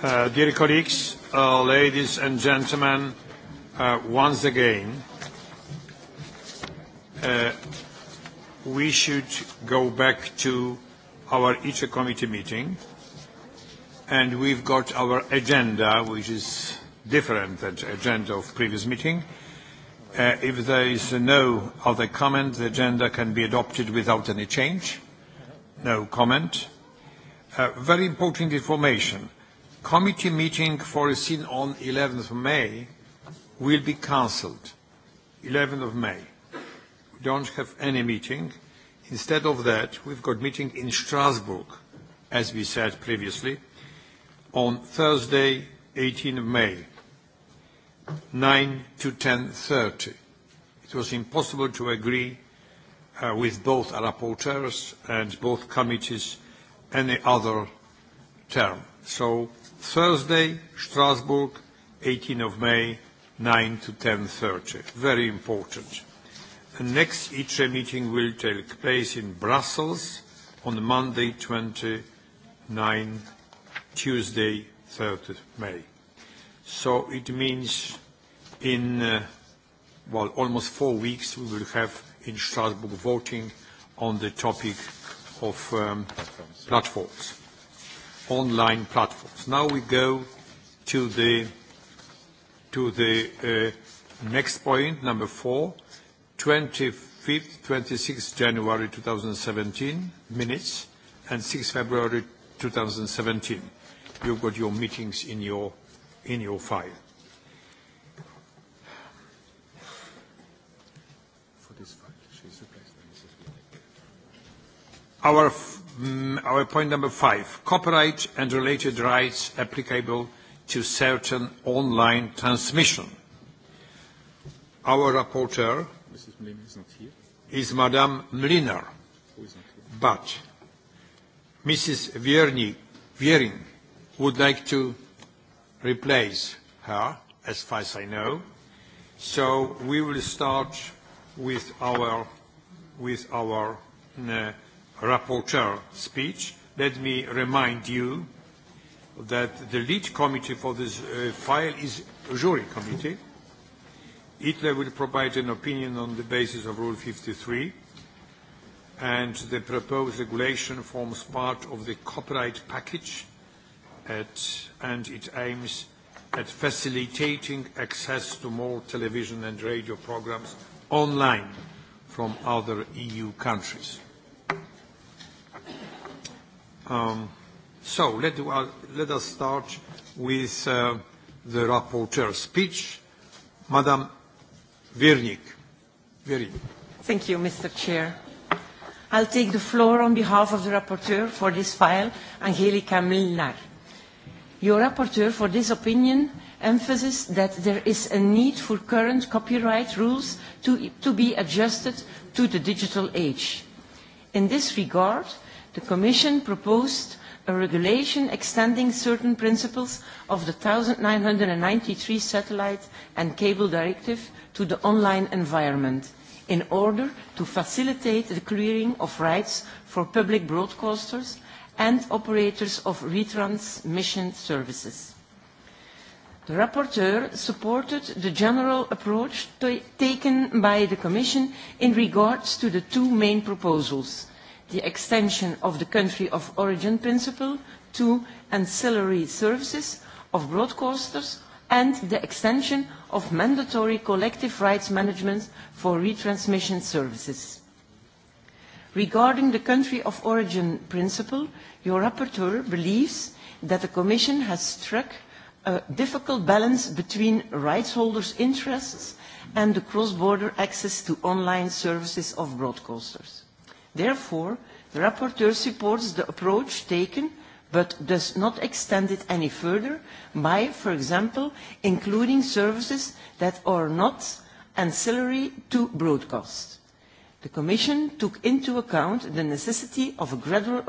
Uh, dear colleagues, uh, ladies and gentlemen, uh, once again, uh, we should go back to our ITRE committee meeting, and we've got our agenda, which is different than agenda of previous meeting. Uh, if there is no other comment, the agenda can be adopted without any change. No comment. Uh, very important information committee meeting foreseen on 11th of May will be cancelled. 11th of May. We don't have any meeting. Instead of that, we've got meeting in Strasbourg, as we said previously, on Thursday, 18th of May, 9 to 10.30. It was impossible to agree uh, with both rapporteurs and both committees any other term. So Thursday, Strasbourg, 18 of May, 9 to 10.30. Very important. The next ITRE meeting will take place in Brussels on Monday, 29, Tuesday, 30 May. So it means in, uh, well, almost four weeks we will have in Strasbourg voting on the topic of um, platforms. platforms online platforms. Now we go to the, to the uh, next point, number four, 25th, 26th January 2017 minutes and 6th February 2017. You've got your meetings in your, in your file. For this file, she's replaced by Mrs. Our Mm, our point number five, copyright and related rights applicable to certain online transmission. Our rapporteur Mrs. Mlin is not here. is Madame Mliner, Who is not here? but Mrs. Vierni, Viering would like to replace her, as far as I know. So we will start with our, with our uh, rapporteur speech, let me remind you that the lead committee for this uh, file is jury committee. ITLE will provide an opinion on the basis of Rule 53, and the proposed regulation forms part of the copyright package, at, and it aims at facilitating access to more television and radio programs online from other EU countries. Um, so let, uh, let us start with uh, the rapporteur's speech. Madam Virnik. Virnik. Thank you, Mr. Chair. I'll take the floor on behalf of the rapporteur for this file, Angelica Milnar. Your rapporteur for this opinion emphasizes that there is a need for current copyright rules to, to be adjusted to the digital age. In this regard, the Commission proposed a regulation extending certain principles of the 1993 Satellite and Cable Directive to the online environment in order to facilitate the clearing of rights for public broadcasters and operators of retransmission services. The rapporteur supported the general approach taken by the Commission in regards to the two main proposals – the extension of the country of origin principle to ancillary services of broadcasters and the extension of mandatory collective rights management for retransmission services. Regarding the country of origin principle, your rapporteur believes that the Commission has struck a difficult balance between rights holders' interests and the cross-border access to online services of broadcasters. Therefore, the rapporteur supports the approach taken but does not extend it any further by, for example, including services that are not ancillary to broadcast. The Commission took into account the necessity of a gradual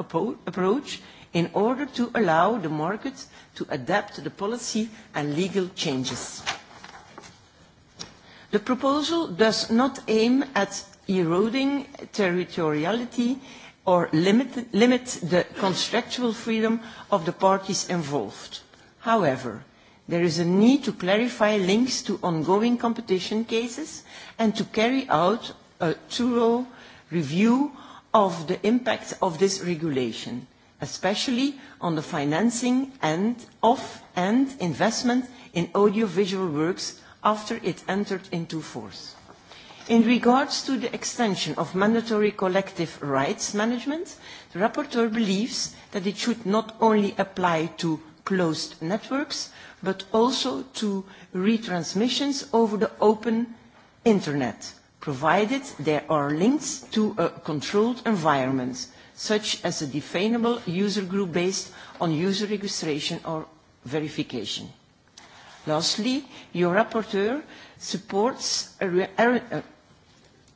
approach in order to allow the market to adapt to the policy and legal changes. The proposal does not aim at eroding territoriality or limit, limit the contractual freedom of the parties involved. However, there is a need to clarify links to ongoing competition cases and to carry out a thorough review of the impact of this regulation, especially on the financing and of and investment in audiovisual works after it entered into force. In regards to the extension of mandatory collective rights management, the rapporteur believes that it should not only apply to closed networks, but also to retransmissions over the open internet, provided there are links to a controlled environment, such as a definable user group based on user registration or verification. Lastly, your rapporteur supports a, a, a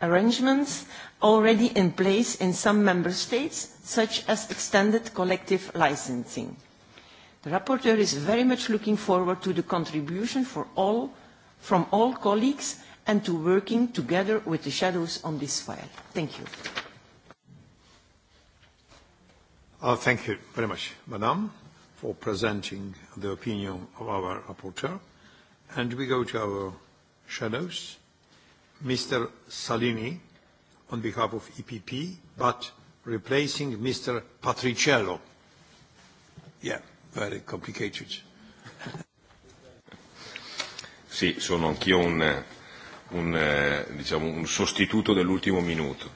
arrangements already in place in some member states, such as extended collective licensing. The rapporteur is very much looking forward to the contribution for all, from all colleagues and to working together with the shadows on this file. Thank you. Uh, thank you very much, Madame, for presenting the opinion of our rapporteur. And we go to our shadows. Mr. Salini on behalf of EPP, but replacing Mr. Patriciello. Yeah, very complicated. sì, sono anch'io un, un, diciamo, un sostituto dell'ultimo minuto.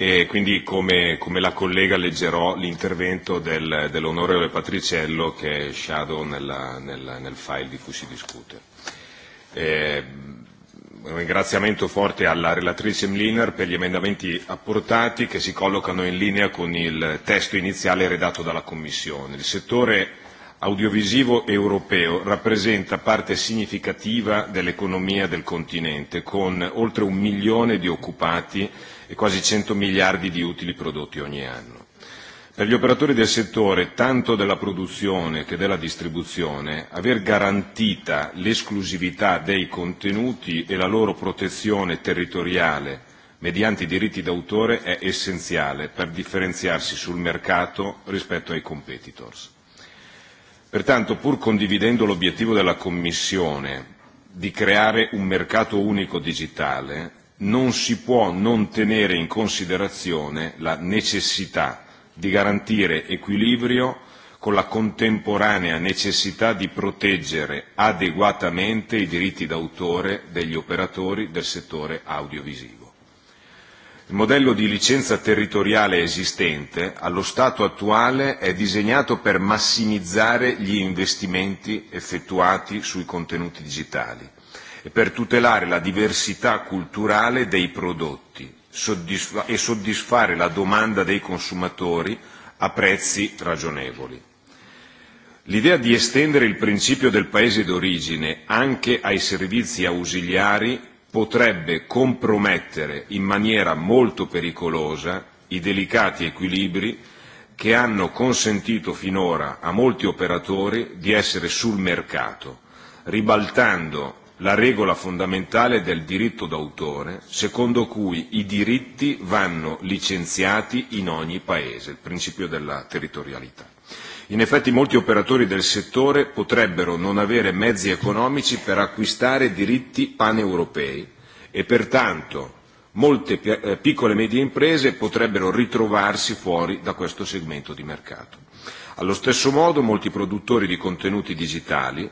E quindi come, come la collega leggerò l'intervento del, dell'onorevole Patriciello che è shadow nella, nella, nel file di cui si discute. Eh, un ringraziamento forte alla relatrice Mliner per gli emendamenti apportati che si collocano in linea con il testo iniziale redatto dalla Commissione. Il settore audiovisivo europeo rappresenta parte significativa dell'economia del continente, con oltre un milione di occupati e quasi 100 miliardi di utili prodotti ogni anno. Per gli operatori del settore, tanto della produzione che della distribuzione, aver garantita l'esclusività dei contenuti e la loro protezione territoriale mediante i diritti d'autore è essenziale per differenziarsi sul mercato rispetto ai competitors. Pertanto, pur condividendo l'obiettivo della Commissione di creare un mercato unico digitale, non si può non tenere in considerazione la necessità di garantire equilibrio con la contemporanea necessità di proteggere adeguatamente i diritti d'autore degli operatori del settore audiovisivo. Il modello di licenza territoriale esistente, allo stato attuale, è disegnato per massimizzare gli investimenti effettuati sui contenuti digitali e per tutelare la diversità culturale dei prodotti, soddisfa- e soddisfare la domanda dei consumatori a prezzi ragionevoli. L'idea di estendere il principio del paese d'origine anche ai servizi ausiliari potrebbe compromettere in maniera molto pericolosa i delicati equilibri che hanno consentito finora a molti operatori di essere sul mercato, ribaltando la regola fondamentale del diritto d'autore, secondo cui i diritti vanno licenziati in ogni paese, il principio della territorialità. In effetti molti operatori del settore potrebbero non avere mezzi economici per acquistare diritti paneuropei e pertanto molte eh, piccole e medie imprese potrebbero ritrovarsi fuori da questo segmento di mercato. Allo stesso modo molti produttori di contenuti digitali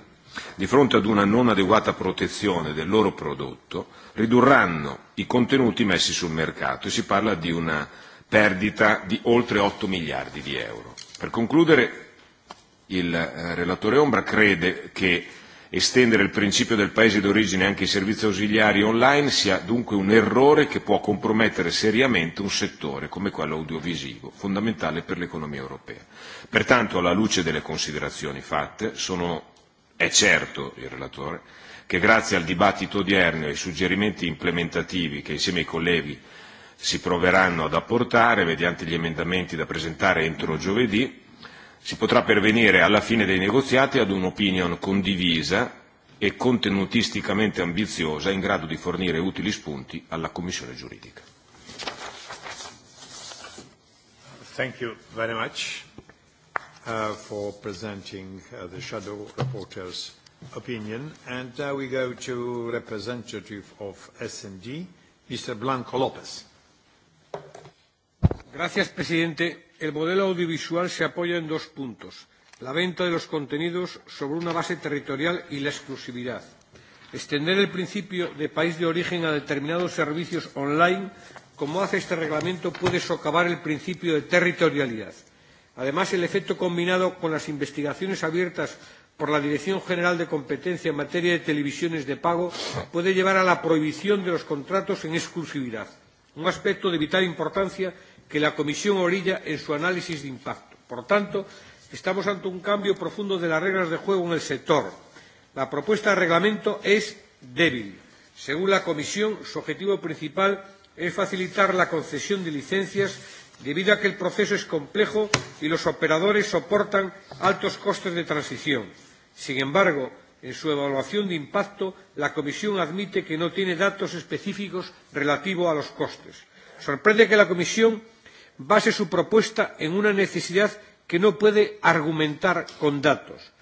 di fronte ad una non adeguata protezione del loro prodotto, ridurranno i contenuti messi sul mercato e si parla di una perdita di oltre 8 miliardi di euro. Per concludere, il eh, relatore Ombra crede che estendere il principio del paese d'origine anche ai servizi ausiliari online sia dunque un errore che può compromettere seriamente un settore come quello audiovisivo, fondamentale per l'economia europea. Pertanto, alla luce delle considerazioni fatte, sono È certo il relatore che grazie al dibattito odierno e ai suggerimenti implementativi che insieme ai colleghi si proveranno ad apportare mediante gli emendamenti da presentare entro giovedì, si potrà pervenire alla fine dei negoziati ad un'opinion condivisa e contenutisticamente ambiziosa in grado di fornire utili spunti alla Commissione giuridica. Thank you very much uh, for presenting uh, the shadow reporter's opinion. And uh, we go to representative of S&D, Mr. Blanco López. Gracias, presidente. El modelo audiovisual se apoya en dos puntos. La venta de los contenidos sobre una base territorial y la exclusividad. Extender el principio de país de origen a determinados servicios online, como hace este reglamento, puede socavar el principio de territorialidad. Además, el efecto combinado con las investigaciones abiertas por la Dirección General de Competencia en materia de televisiones de pago puede llevar a la prohibición de los contratos en exclusividad, un aspecto de vital importancia que la Comisión orilla en su análisis de impacto. Por tanto, estamos ante un cambio profundo de las reglas de juego en el sector. La propuesta de reglamento es débil. Según la Comisión, su objetivo principal es facilitar la concesión de licencias debido a que el proceso es complejo y los operadores soportan altos costes de transición. Sin embargo, en su evaluación de impacto, la Comisión admite que no tiene datos específicos relativos a los costes. Sorprende que la Comisión base su propuesta en una necesidad que no puede argumentar con datos.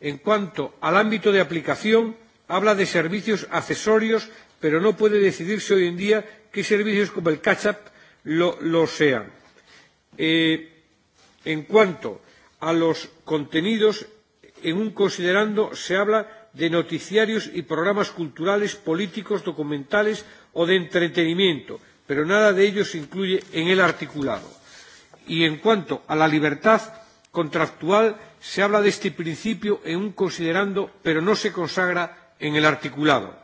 En cuanto al ámbito de aplicación, habla de servicios accesorios, pero no puede decidirse hoy en día qué servicios como el catch-up lo, lo sean. Eh, en cuanto a los contenidos, en un considerando se habla de noticiarios y programas culturales, políticos, documentales o de entretenimiento, pero nada de ello se incluye en el articulado. Y en cuanto a la libertad contractual, se habla de este principio en un considerando, pero no se consagra en el articulado.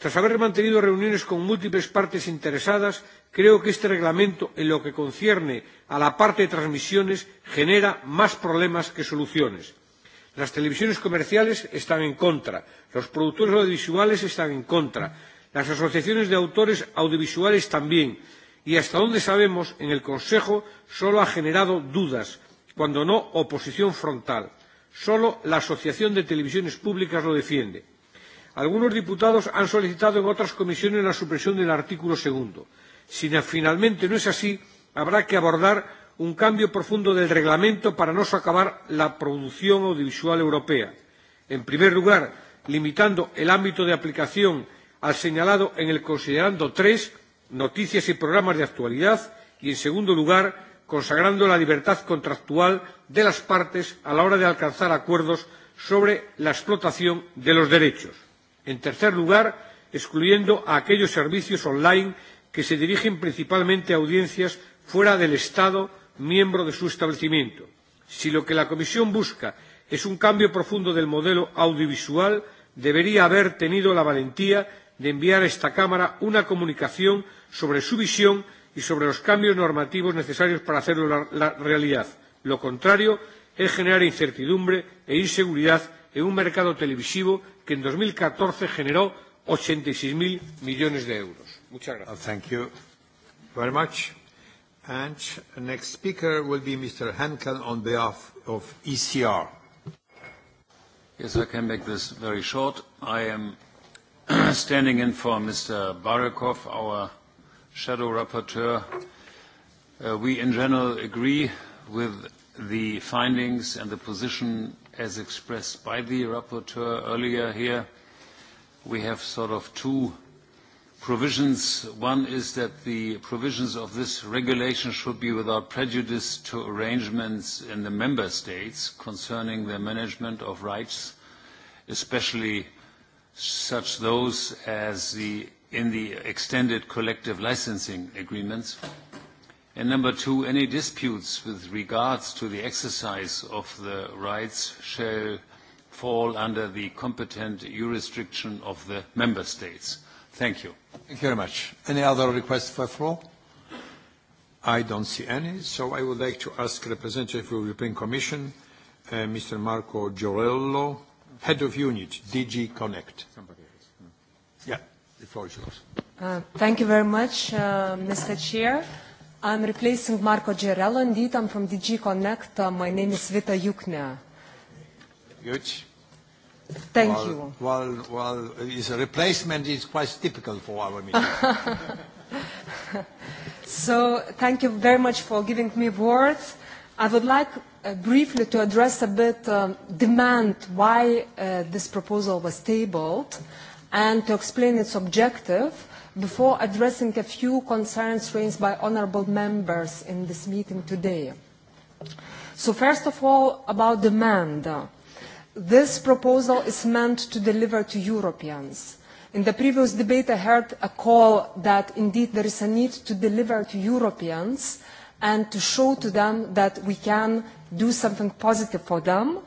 Tras haber mantenido reuniones con múltiples partes interesadas, creo que este reglamento, en lo que concierne a la parte de transmisiones, genera más problemas que soluciones. Las televisiones comerciales están en contra, los productores audiovisuales están en contra, las asociaciones de autores audiovisuales también, y hasta donde sabemos, en el Consejo solo ha generado dudas, cuando no oposición frontal. Solo la Asociación de Televisiones Públicas lo defiende Algunos diputados han solicitado en otras comisiones la supresión del artículo segundo. Si finalmente no es así, habrá que abordar un cambio profundo del reglamento para no socavar la producción audiovisual europea. En primer lugar, limitando el ámbito de aplicación al señalado en el considerando 3, noticias y programas de actualidad, y en segundo lugar, consagrando la libertad contractual de las partes a la hora de alcanzar acuerdos sobre la explotación de los derechos. En tercer lugar, excluyendo a aquellos servicios online que se dirigen principalmente a audiencias fuera del Estado miembro de su establecimiento. Si lo que la Comisión busca es un cambio profundo del modelo audiovisual, debería haber tenido la valentía de enviar a esta Cámara una comunicación sobre su visión y sobre los cambios normativos necesarios para hacerlo la, la realidad. Lo contrario es generar incertidumbre e inseguridad en un mercado televisivo que en 2014 generó 86.000 millones de euros. Muchas gracias. Oh, thank you very much. And next speaker will be Mr. Henkel on behalf of ECR. Yes, I can make this very short. I am standing in for Mr. Barakov, our shadow rapporteur. Uh, we in general agree with the findings and the position as expressed by the rapporteur earlier here, we have sort of two provisions. One is that the provisions of this regulation should be without prejudice to arrangements in the member states concerning the management of rights, especially such those as the in the extended collective licensing agreements. Uh, And number two, any disputes with regards to the exercise of the rights shall fall under the competent jurisdiction of the member states. Thank you. Thank you very much. Any other requests for floor? I don't see any, so I would like to ask representative of the European Commission, uh, Mr. Marco Giorello, head of unit, DG Connect. Somebody else. Yeah, the floor is yours. Uh, thank you very much, uh, Mr. Chair. Uh, I'm replacing Marco Gerello indeed. I'm from DG Connect. Uh, my name is Vita Yukne. Good. Thank well, you. Well, well, his replacement is quite typical for our meeting. so thank you very much for giving me words. I would like uh, briefly to address a bit um, demand why uh, this proposal was tabled and to explain its objective before addressing a few concerns raised by honourable members in this meeting today. So first of all, about demand. This proposal is meant to deliver to Europeans. In the previous debate, I heard a call that indeed there is a need to deliver to Europeans and to show to them that we can do something positive for them. Uh,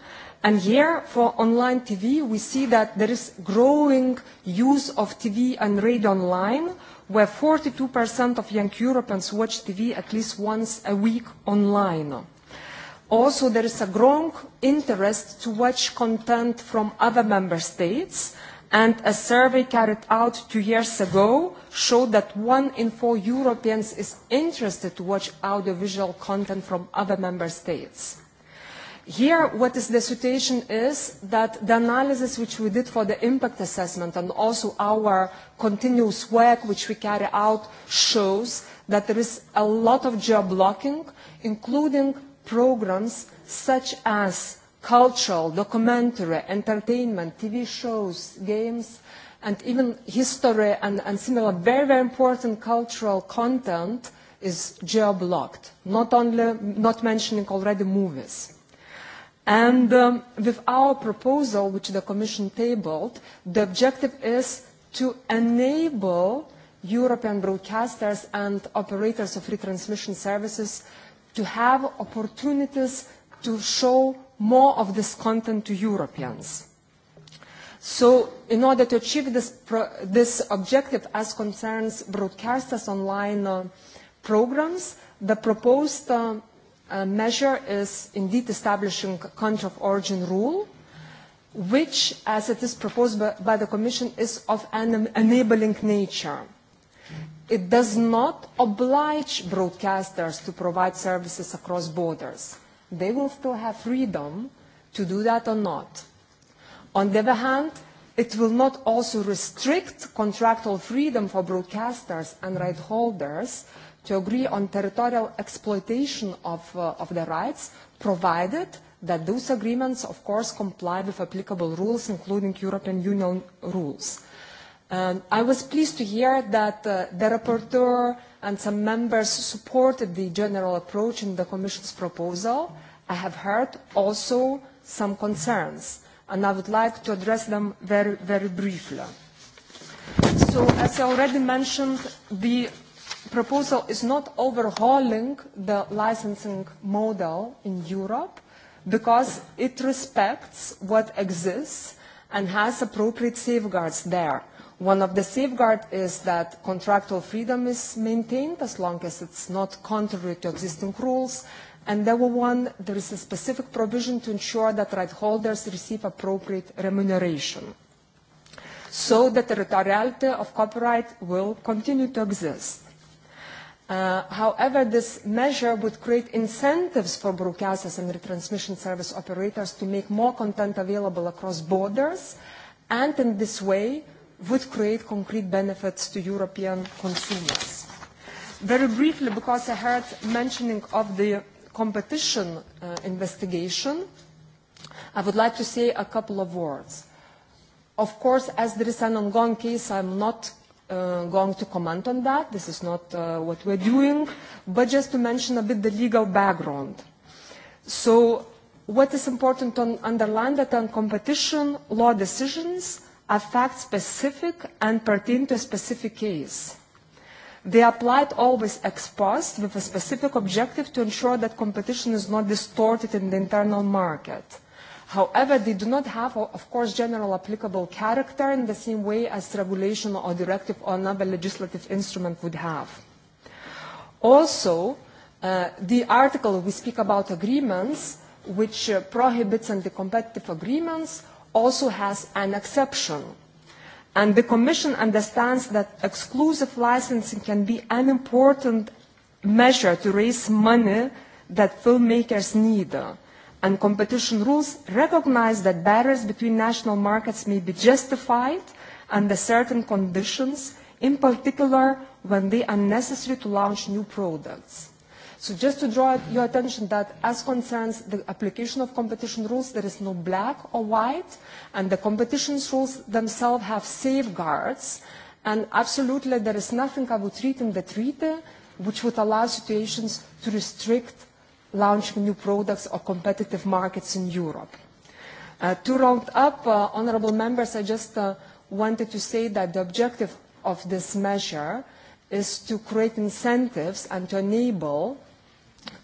And here, for online TV, we see that there is growing use of TV and radio online, where 42% of young Europeans watch TV at least once a week online. Also, there is a growing interest to watch content from other member states, and a survey carried out two years ago showed that one in four Europeans is interested to watch audiovisual content from other member states. Here, what is the situation is that the analysis which we did for the impact assessment and also our continuous work which we carry out shows that there is a lot of geo-blocking, including programs such as cultural, documentary, entertainment, TV shows, games, and even history and, and similar very, very important cultural content is geo-blocked, not, only, not mentioning already movies. And um, with our proposal, which the Commission tabled, the objective is to enable European broadcasters and operators of retransmission services to have opportunities to show more of this content to Europeans. So in order to achieve this, pro this objective as concerns broadcasters online uh, programs, the proposed uh, uh, measure is indeed establishing a country of origin rule, which, as it is proposed by, by the Commission, is of an enabling nature. It does not oblige broadcasters to provide services across borders. They will still have freedom to do that or not. On the other hand, it will not also restrict contractual freedom for broadcasters and right holders to agree on territorial exploitation of, uh, of the rights, provided that those agreements, of course, comply with applicable rules, including European Union rules. And I was pleased to hear that uh, the rapporteur and some members supported the general approach in the Commission's proposal. I have heard also some concerns, and I would like to address them very, very briefly. So, as I already mentioned, the proposal is not overhauling the licensing model in Europe because it respects what exists and has appropriate safeguards there. One of the safeguards is that contractual freedom is maintained as long as it's not contrary to existing rules. And number one, there is a specific provision to ensure that right holders receive appropriate remuneration so the territoriality of copyright will continue to exist. Uh, however, this measure would create incentives for broadcasters and retransmission service operators to make more content available across borders, and in this way would create concrete benefits to European consumers. Very briefly, because I heard mentioning of the competition uh, investigation, I would like to say a couple of words. Of course, as there is an ongoing case, I'm not uh, going to comment on that. This is not uh, what we're doing. But just to mention a bit the legal background. So what is important to underline that on competition law decisions are fact-specific and pertain to a specific case. They are applied always ex post with a specific objective to ensure that competition is not distorted in the internal market. However, they do not have, of course, general applicable character in the same way as regulation or directive or another legislative instrument would have. Also, uh, the article we speak about agreements, which uh, prohibits anti-competitive agreements, also has an exception. And the Commission understands that exclusive licensing can be an important measure to raise money that filmmakers need. Uh, and competition rules recognize that barriers between national markets may be justified under certain conditions, in particular when they are necessary to launch new products. So just to draw your attention that as concerns the application of competition rules, there is no black or white, and the competition rules themselves have safeguards, and absolutely there is nothing I would read in the treaty which would allow situations to restrict launch new products or competitive markets in Europe. Uh, to round up, uh, honorable members, I just uh, wanted to say that the objective of this measure is to create incentives and to enable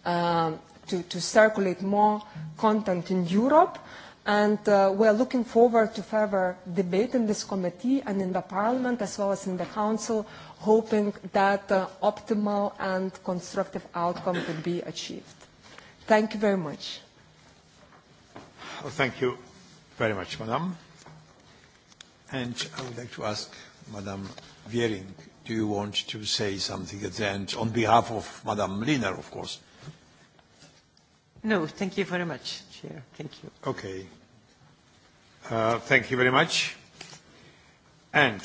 uh, to, to circulate more content in Europe. And uh, we're looking forward to further debate in this committee and in the Parliament as well as in the Council, hoping that uh, optimal and constructive outcome could be achieved. Thank you very much. Well, thank you very much, Madam. And I would like to ask Madam Viering, do you want to say something at the end on behalf of Madam Liner, of course? No, thank you very much, Chair. Thank you. Okay. Uh, thank you very much. And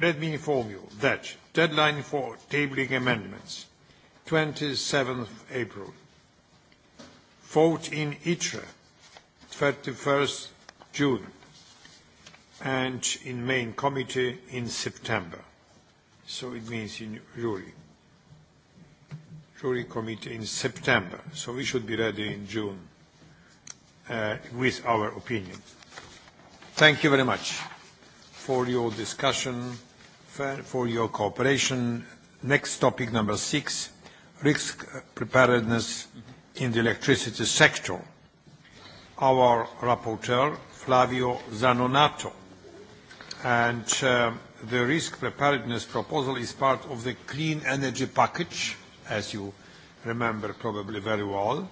let me inform you that deadline for tabling amendments, 27th April vote in ITRE 31st June and in main committee in September. So it means in jury. Jury committee in September. So we should be ready in June uh, with our opinion. Thank you very much for your discussion, for your cooperation. Next topic, number six, risk preparedness. Mm -hmm in the electricity sector. Our rapporteur, Flavio Zanonato, and uh, the risk preparedness proposal is part of the clean energy package, as you remember probably very well.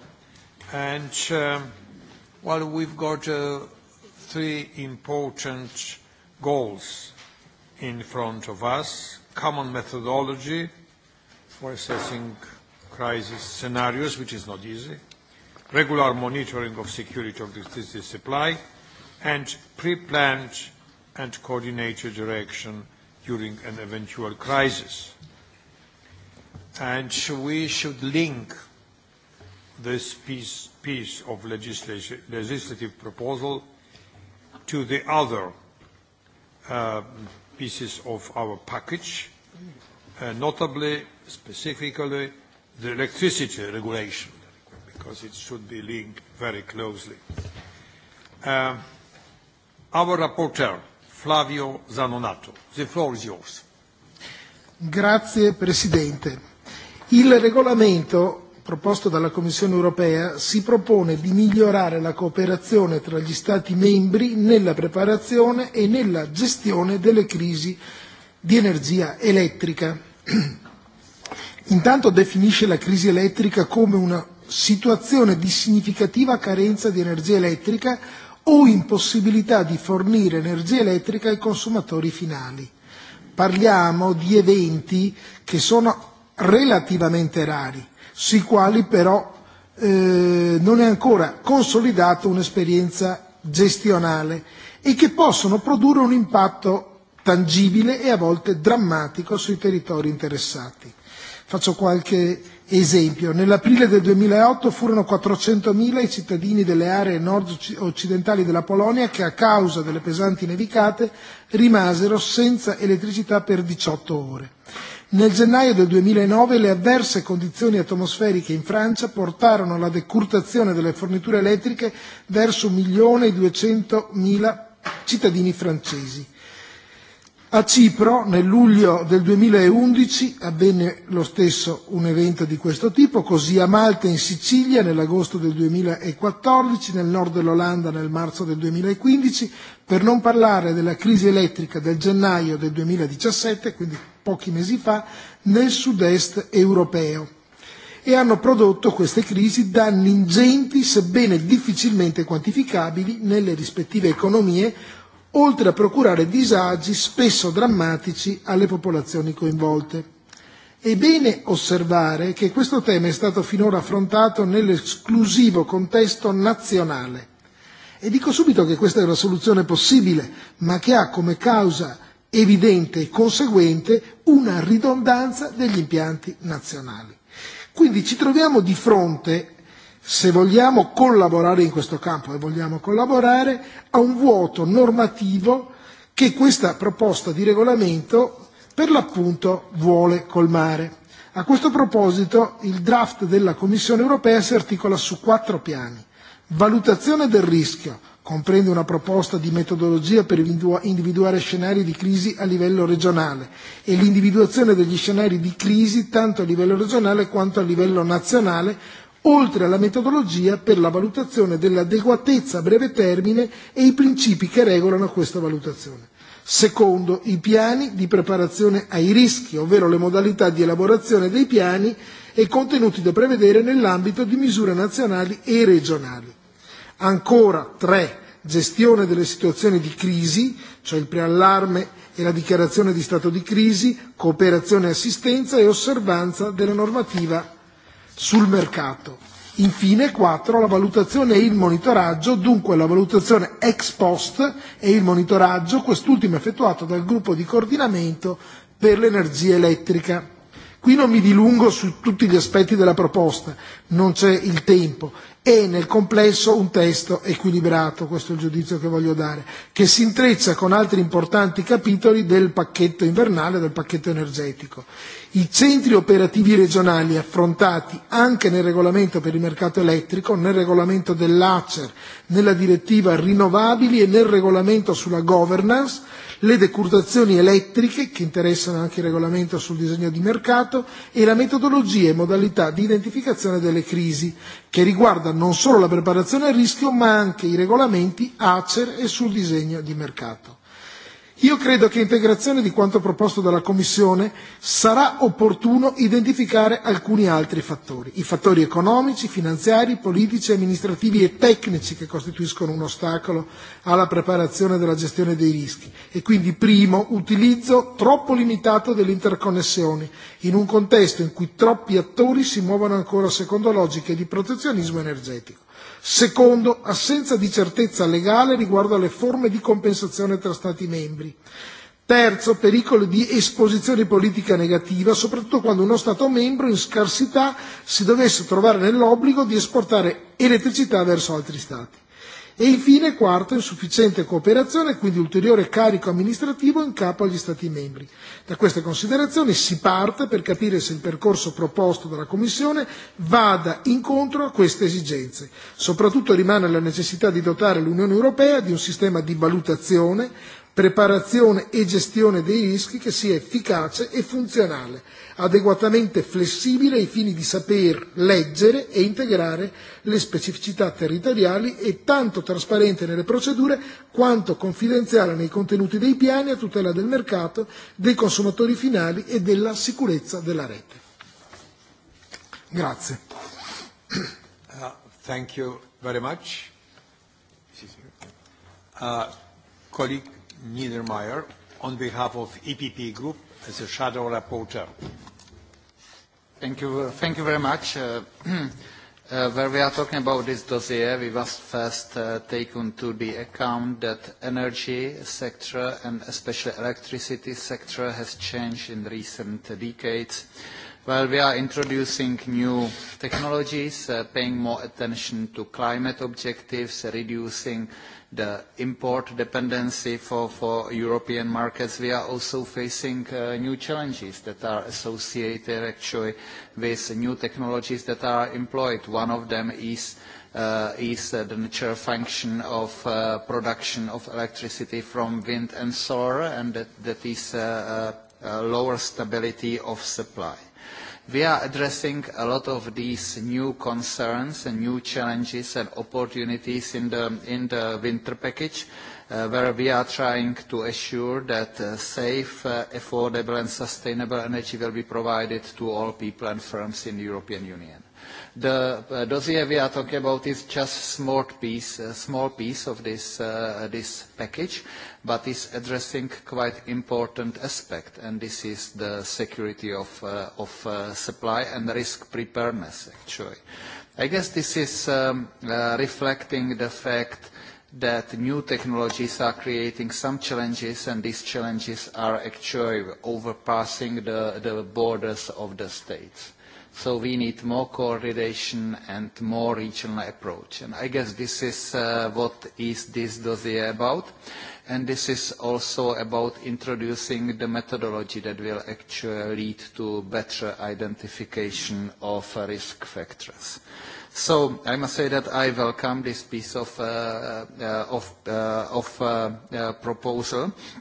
And, uh, well, we've got uh, three important goals in front of us: common methodology for assessing crisis scenarios, which is not easy, regular monitoring of security of electricity supply, and pre-planned and coordinated reaction during an eventual crisis. And we should link this piece, piece of legislation, legislative proposal to the other uh, pieces of our package, uh, notably, specifically, the electricity regulation, because it should be linked very closely. Uh, our rapporteur, Flavio Zanonato, the floor is yours. Grazie Presidente. Il regolamento proposto dalla Commissione europea si propone di migliorare la cooperazione tra gli Stati membri nella preparazione e nella gestione delle crisi di energia elettrica. Intanto definisce la crisi elettrica come una situazione di significativa carenza di energia elettrica o impossibilità di fornire energia elettrica ai consumatori finali. Parliamo di eventi che sono relativamente rari, sui quali però eh, non è ancora consolidata un'esperienza gestionale e che possono produrre un impatto tangibile e a volte drammatico sui territori interessati. Faccio qualche esempio. Nell'aprile del 2008 furono 400.000 i cittadini delle aree nord-occidentali della Polonia che a causa delle pesanti nevicate rimasero senza elettricità per 18 ore. Nel gennaio del 2009 le avverse condizioni atmosferiche in Francia portarono alla decurtazione delle forniture elettriche verso 1.200.000 cittadini francesi. A Cipro nel luglio del 2011 e avvenne lo stesso un evento di questo tipo, così a Malta in Sicilia nell'agosto del 2014, e nel nord dell'Olanda nel marzo del 2015, e per non parlare della crisi elettrica del gennaio del 2017, quindi pochi mesi fa, nel sud-est europeo. E hanno prodotto queste crisi danni ingenti, sebbene difficilmente quantificabili, nelle rispettive economie oltre a procurare disagi spesso drammatici alle popolazioni coinvolte. È bene osservare che questo tema è stato finora affrontato nell'esclusivo contesto nazionale. E dico subito che questa è una soluzione possibile, ma che ha come causa evidente e conseguente una ridondanza degli impianti nazionali. Quindi ci troviamo di fronte se vogliamo collaborare in questo campo e vogliamo collaborare, a un vuoto normativo che questa proposta di regolamento per l'appunto vuole colmare. A questo proposito il draft della Commissione europea si articola su quattro piani. Valutazione del rischio, comprende una proposta di metodologia per individuare scenari di crisi a livello regionale e l'individuazione degli scenari di crisi tanto a livello regionale quanto a livello nazionale oltre alla metodologia per la valutazione dell'adeguatezza a breve termine e i principi che regolano questa valutazione. Secondo, i piani di preparazione ai rischi, ovvero le modalità di elaborazione dei piani e i contenuti da prevedere nell'ambito di misure nazionali e regionali. Ancora, tre, gestione delle situazioni di crisi, cioè il preallarme e la dichiarazione di stato di crisi, cooperazione e assistenza e osservanza della normativa sul mercato. Infine 4 la valutazione e il monitoraggio, dunque la valutazione ex post e il monitoraggio, quest'ultimo effettuato dal gruppo di coordinamento per l'energia elettrica. Qui non mi dilungo su tutti gli aspetti della proposta, non c'è il tempo e nel complesso un testo equilibrato, questo è il giudizio che voglio dare, che si intreccia con altri importanti capitoli del pacchetto invernale, del pacchetto energetico. I centri operativi regionali affrontati anche nel regolamento per il mercato elettrico, nel regolamento dell'ACER, nella direttiva rinnovabili e nel regolamento sulla governance le decurtazioni elettriche, che interessano anche il regolamento sul disegno di mercato, e la metodologia e modalità di identificazione delle crisi, che riguarda non solo la preparazione al rischio, ma anche i regolamenti ACER e sul disegno di mercato. Io credo che integrazione di quanto proposto dalla Commissione sarà opportuno identificare alcuni altri fattori, i fattori economici, finanziari, politici, amministrativi e tecnici che costituiscono un ostacolo alla preparazione della gestione dei rischi e quindi primo utilizzo troppo limitato delle interconnessioni in un contesto in cui troppi attori si muovono ancora secondo logiche di protezionismo energetico. Secondo, assenza di certezza legale riguardo alle forme di compensazione tra Stati membri. Terzo, pericolo di esposizione politica negativa, soprattutto quando uno Stato membro in scarsità si dovesse trovare nell'obbligo di esportare elettricità verso altri Stati. E infine, quarto, insufficiente cooperazione e quindi ulteriore carico amministrativo in capo agli Stati membri. Da queste considerazioni si parte per capire se il percorso proposto dalla Commissione vada incontro a queste esigenze. Soprattutto rimane la necessità di dotare l'Unione Europea di un sistema di valutazione preparazione e gestione dei rischi che sia efficace e funzionale, adeguatamente flessibile ai fini di saper leggere e integrare le specificità territoriali e tanto trasparente nelle procedure quanto confidenziale nei contenuti dei piani a tutela del mercato, dei consumatori finali e della sicurezza della rete. Grazie. Uh, thank you very much. Uh, colleague Niedermayer on behalf of EPP Group as a shadow rapporteur. Thank you, uh, thank you very much. Uh, uh, where we are talking about this dossier, we must first uh, take into the account that energy sector and especially electricity sector has changed in recent decades. Uh, Well, we are introducing new technologies, uh, paying more attention to climate objectives, uh, reducing the import dependency for, for European markets. We are also facing uh, new challenges that are associated actually with new technologies that are employed. One of them is uh, is uh, the natural function of uh, production of electricity from wind and solar, and that, that is uh, uh, uh, lower stability of supply. Uh, We are addressing a lot of these new concerns and new challenges and opportunities in the, in the winter package, uh, where we are trying to assure that uh, safe, uh, affordable and sustainable energy will be provided to all people and firms in the European Union. The uh, dossier we are talking about is just small piece, a uh, small piece of this, uh, this package, but is addressing quite important aspect, and this is the security of, uh, of uh, supply and risk preparedness, actually. I guess this is um, uh, reflecting the fact that new technologies are creating some challenges and these challenges are actually overpassing the, the borders of the states. So we need more coordination and more regional approach. And I guess this is uh, what is this dossier about. And this is also about introducing the methodology that will actually lead to better identification of uh, risk factors. So I must say that I welcome this piece of, uh, uh, of, uh, of uh, uh, proposal. Uh,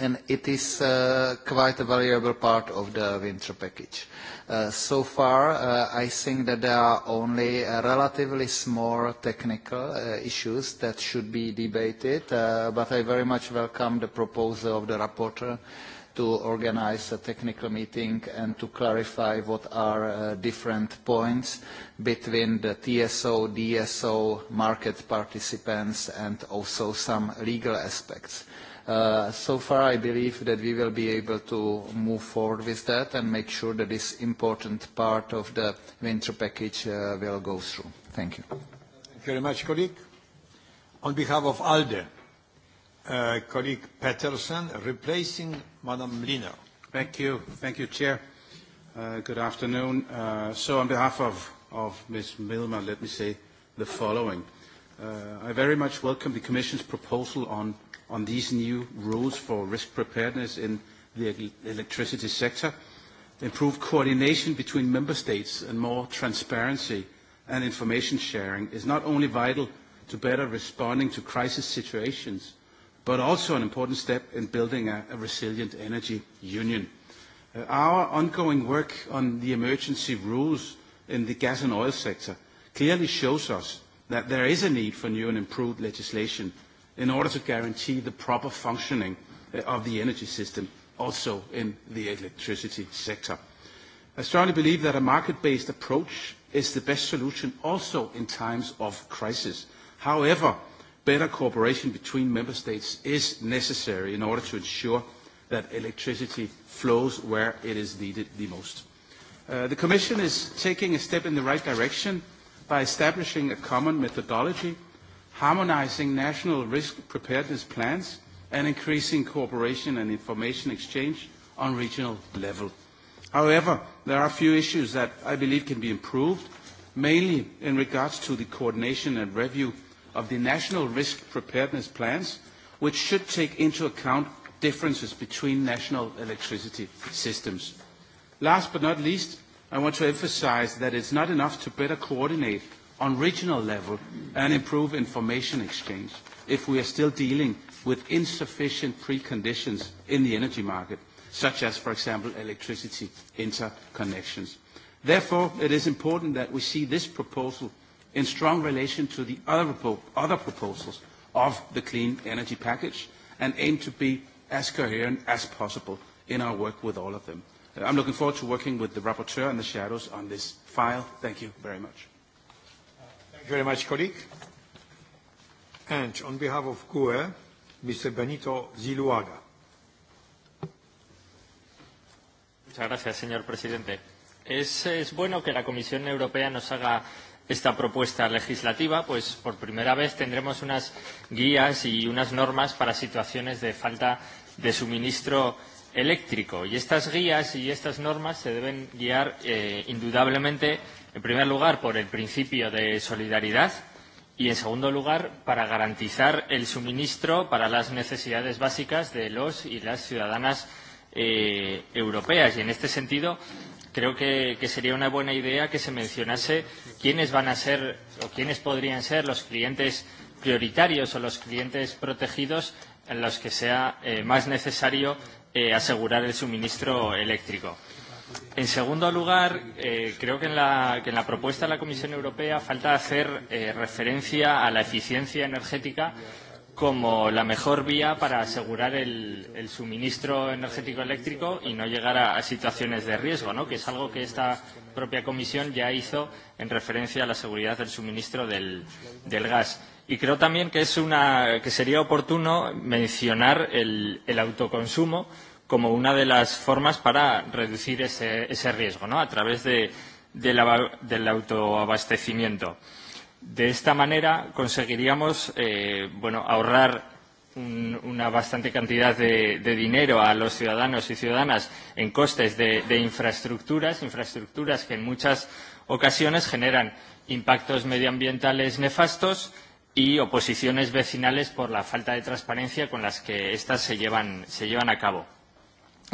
and it is uh, quite a variable part of the winter package. Uh, so far, uh, I think that there are only uh, relatively small technical uh, issues that should be debated, uh, but I very much welcome the proposal of the rapporteur to organize a technical meeting and to clarify what are uh, different points between the TSO, DSO, market participants, and also some legal aspects. Uh, so far, I believe that we will be able to move forward with that and make sure that this important part of the winter package uh, will go through. Thank you. Thank you very much, colleague. On behalf of ALDE, uh, colleague Peterson, replacing Madam Mliner. Thank you. Thank you, Chair. Uh, good afternoon. Uh, so on behalf of, of Ms. Milman, let me say the following. Uh, I very much welcome the Commission's proposal on on these new rules for risk preparedness in the electricity sector, improved coordination between member states and more transparency and information sharing is not only vital to better responding to crisis situations, but also an important step in building a, a resilient energy union. Uh, our ongoing work on the emergency rules in the gas and oil sector clearly shows us that there is a need for new and improved legislation in order to guarantee the proper functioning eh, of the energy system, also in the electricity sector. I strongly believe that a market-based approach is the best solution also in times of crisis. However, better cooperation between member states is necessary in order to ensure that electricity flows where it is needed the most. Uh, the Commission is taking a step in the right direction by establishing a common methodology harmonizing national risk preparedness plans, and increasing cooperation and information exchange on regional level. However, there are a few issues that I believe can be improved, mainly in regards to the coordination and review of the national risk preparedness plans, which should take into account differences between national electricity systems. Last but not least, I want to emphasize that it's not enough to better coordinate on regional level and improve information exchange if we are still dealing with insufficient preconditions in the energy market, such as, for example, electricity interconnections. Therefore, it is important that we see this proposal in strong relation to the other, other proposals of the clean energy package and aim to be as coherent as possible in our work with all of them. I'm looking forward to working with the rapporteur and the shadows on this file. Thank you very much you very much, colleague. And on behalf of GUE, Mr. Benito Ziluaga. Muchas gracias, señor presidente. Es, es bueno que la Comisión Europea nos haga esta propuesta legislativa, pues por primera vez tendremos unas guías y unas normas para situaciones de falta de suministro eléctrico. Y estas guías y estas normas se deben guiar eh, indudablemente En primer lugar, por el principio de solidaridad y, en segundo lugar, para garantizar el suministro para las necesidades básicas de los y las ciudadanas eh, europeas. Y, en este sentido, creo que, que sería una buena idea que se mencionase quiénes van a ser o quiénes podrían ser los clientes prioritarios o los clientes protegidos en los que sea eh, más necesario eh, asegurar el suministro eléctrico. En segundo lugar, eh, creo que en, la, que en la propuesta de la Comisión Europea falta hacer eh, referencia a la eficiencia energética como la mejor vía para asegurar el, el suministro energético eléctrico y no llegar a, a situaciones de riesgo, ¿no? que es algo que esta propia comisión ya hizo en referencia a la seguridad del suministro del, del gas. Y creo también que, es una, que sería oportuno mencionar el, el autoconsumo como una de las formas para reducir ese, ese riesgo, ¿no? a través de, de la, del autoabastecimiento. De esta manera conseguiríamos eh, bueno, ahorrar un, una bastante cantidad de, de dinero a los ciudadanos y ciudadanas en costes de, de infraestructuras, infraestructuras que en muchas ocasiones generan impactos medioambientales nefastos y oposiciones vecinales por la falta de transparencia con las que éstas se llevan, se llevan a cabo.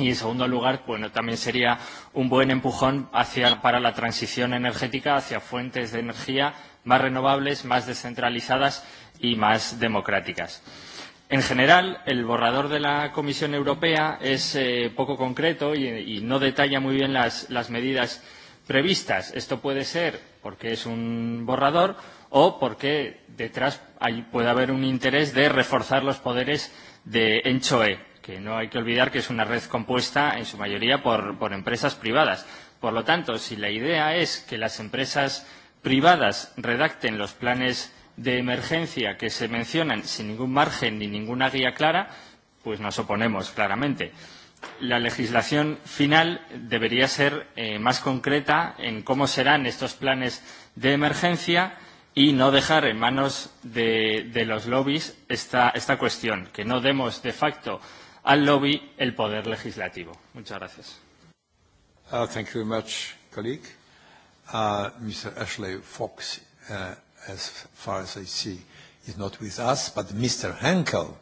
Y en segundo lugar, bueno, también sería un buen empujón hacia, para la transición energética hacia fuentes de energía más renovables, más descentralizadas y más democráticas. En general, el borrador de la Comisión Europea es eh, poco concreto y, y no detalla muy bien las, las medidas previstas. Esto puede ser porque es un borrador o porque detrás hay, puede haber un interés de reforzar los poderes de Enchoe, que no hay que olvidar que es una red compuesta en su mayoría por, por empresas privadas. Por lo tanto, si la idea es que las empresas privadas redacten los planes de emergencia que se mencionan sin ningún margen ni ninguna guía clara, pues nos oponemos claramente. La legislación final debería ser eh, más concreta en cómo serán estos planes de emergencia y no dejar en manos de, de los lobbies esta, esta cuestión, que no demos de facto al lobby el poder legislativo. Muchas gracias. Uh, thank you very much, colleague. Uh, Mr. Ashley Fox, uh, as far as I see, is not with us, but Mr. Henkel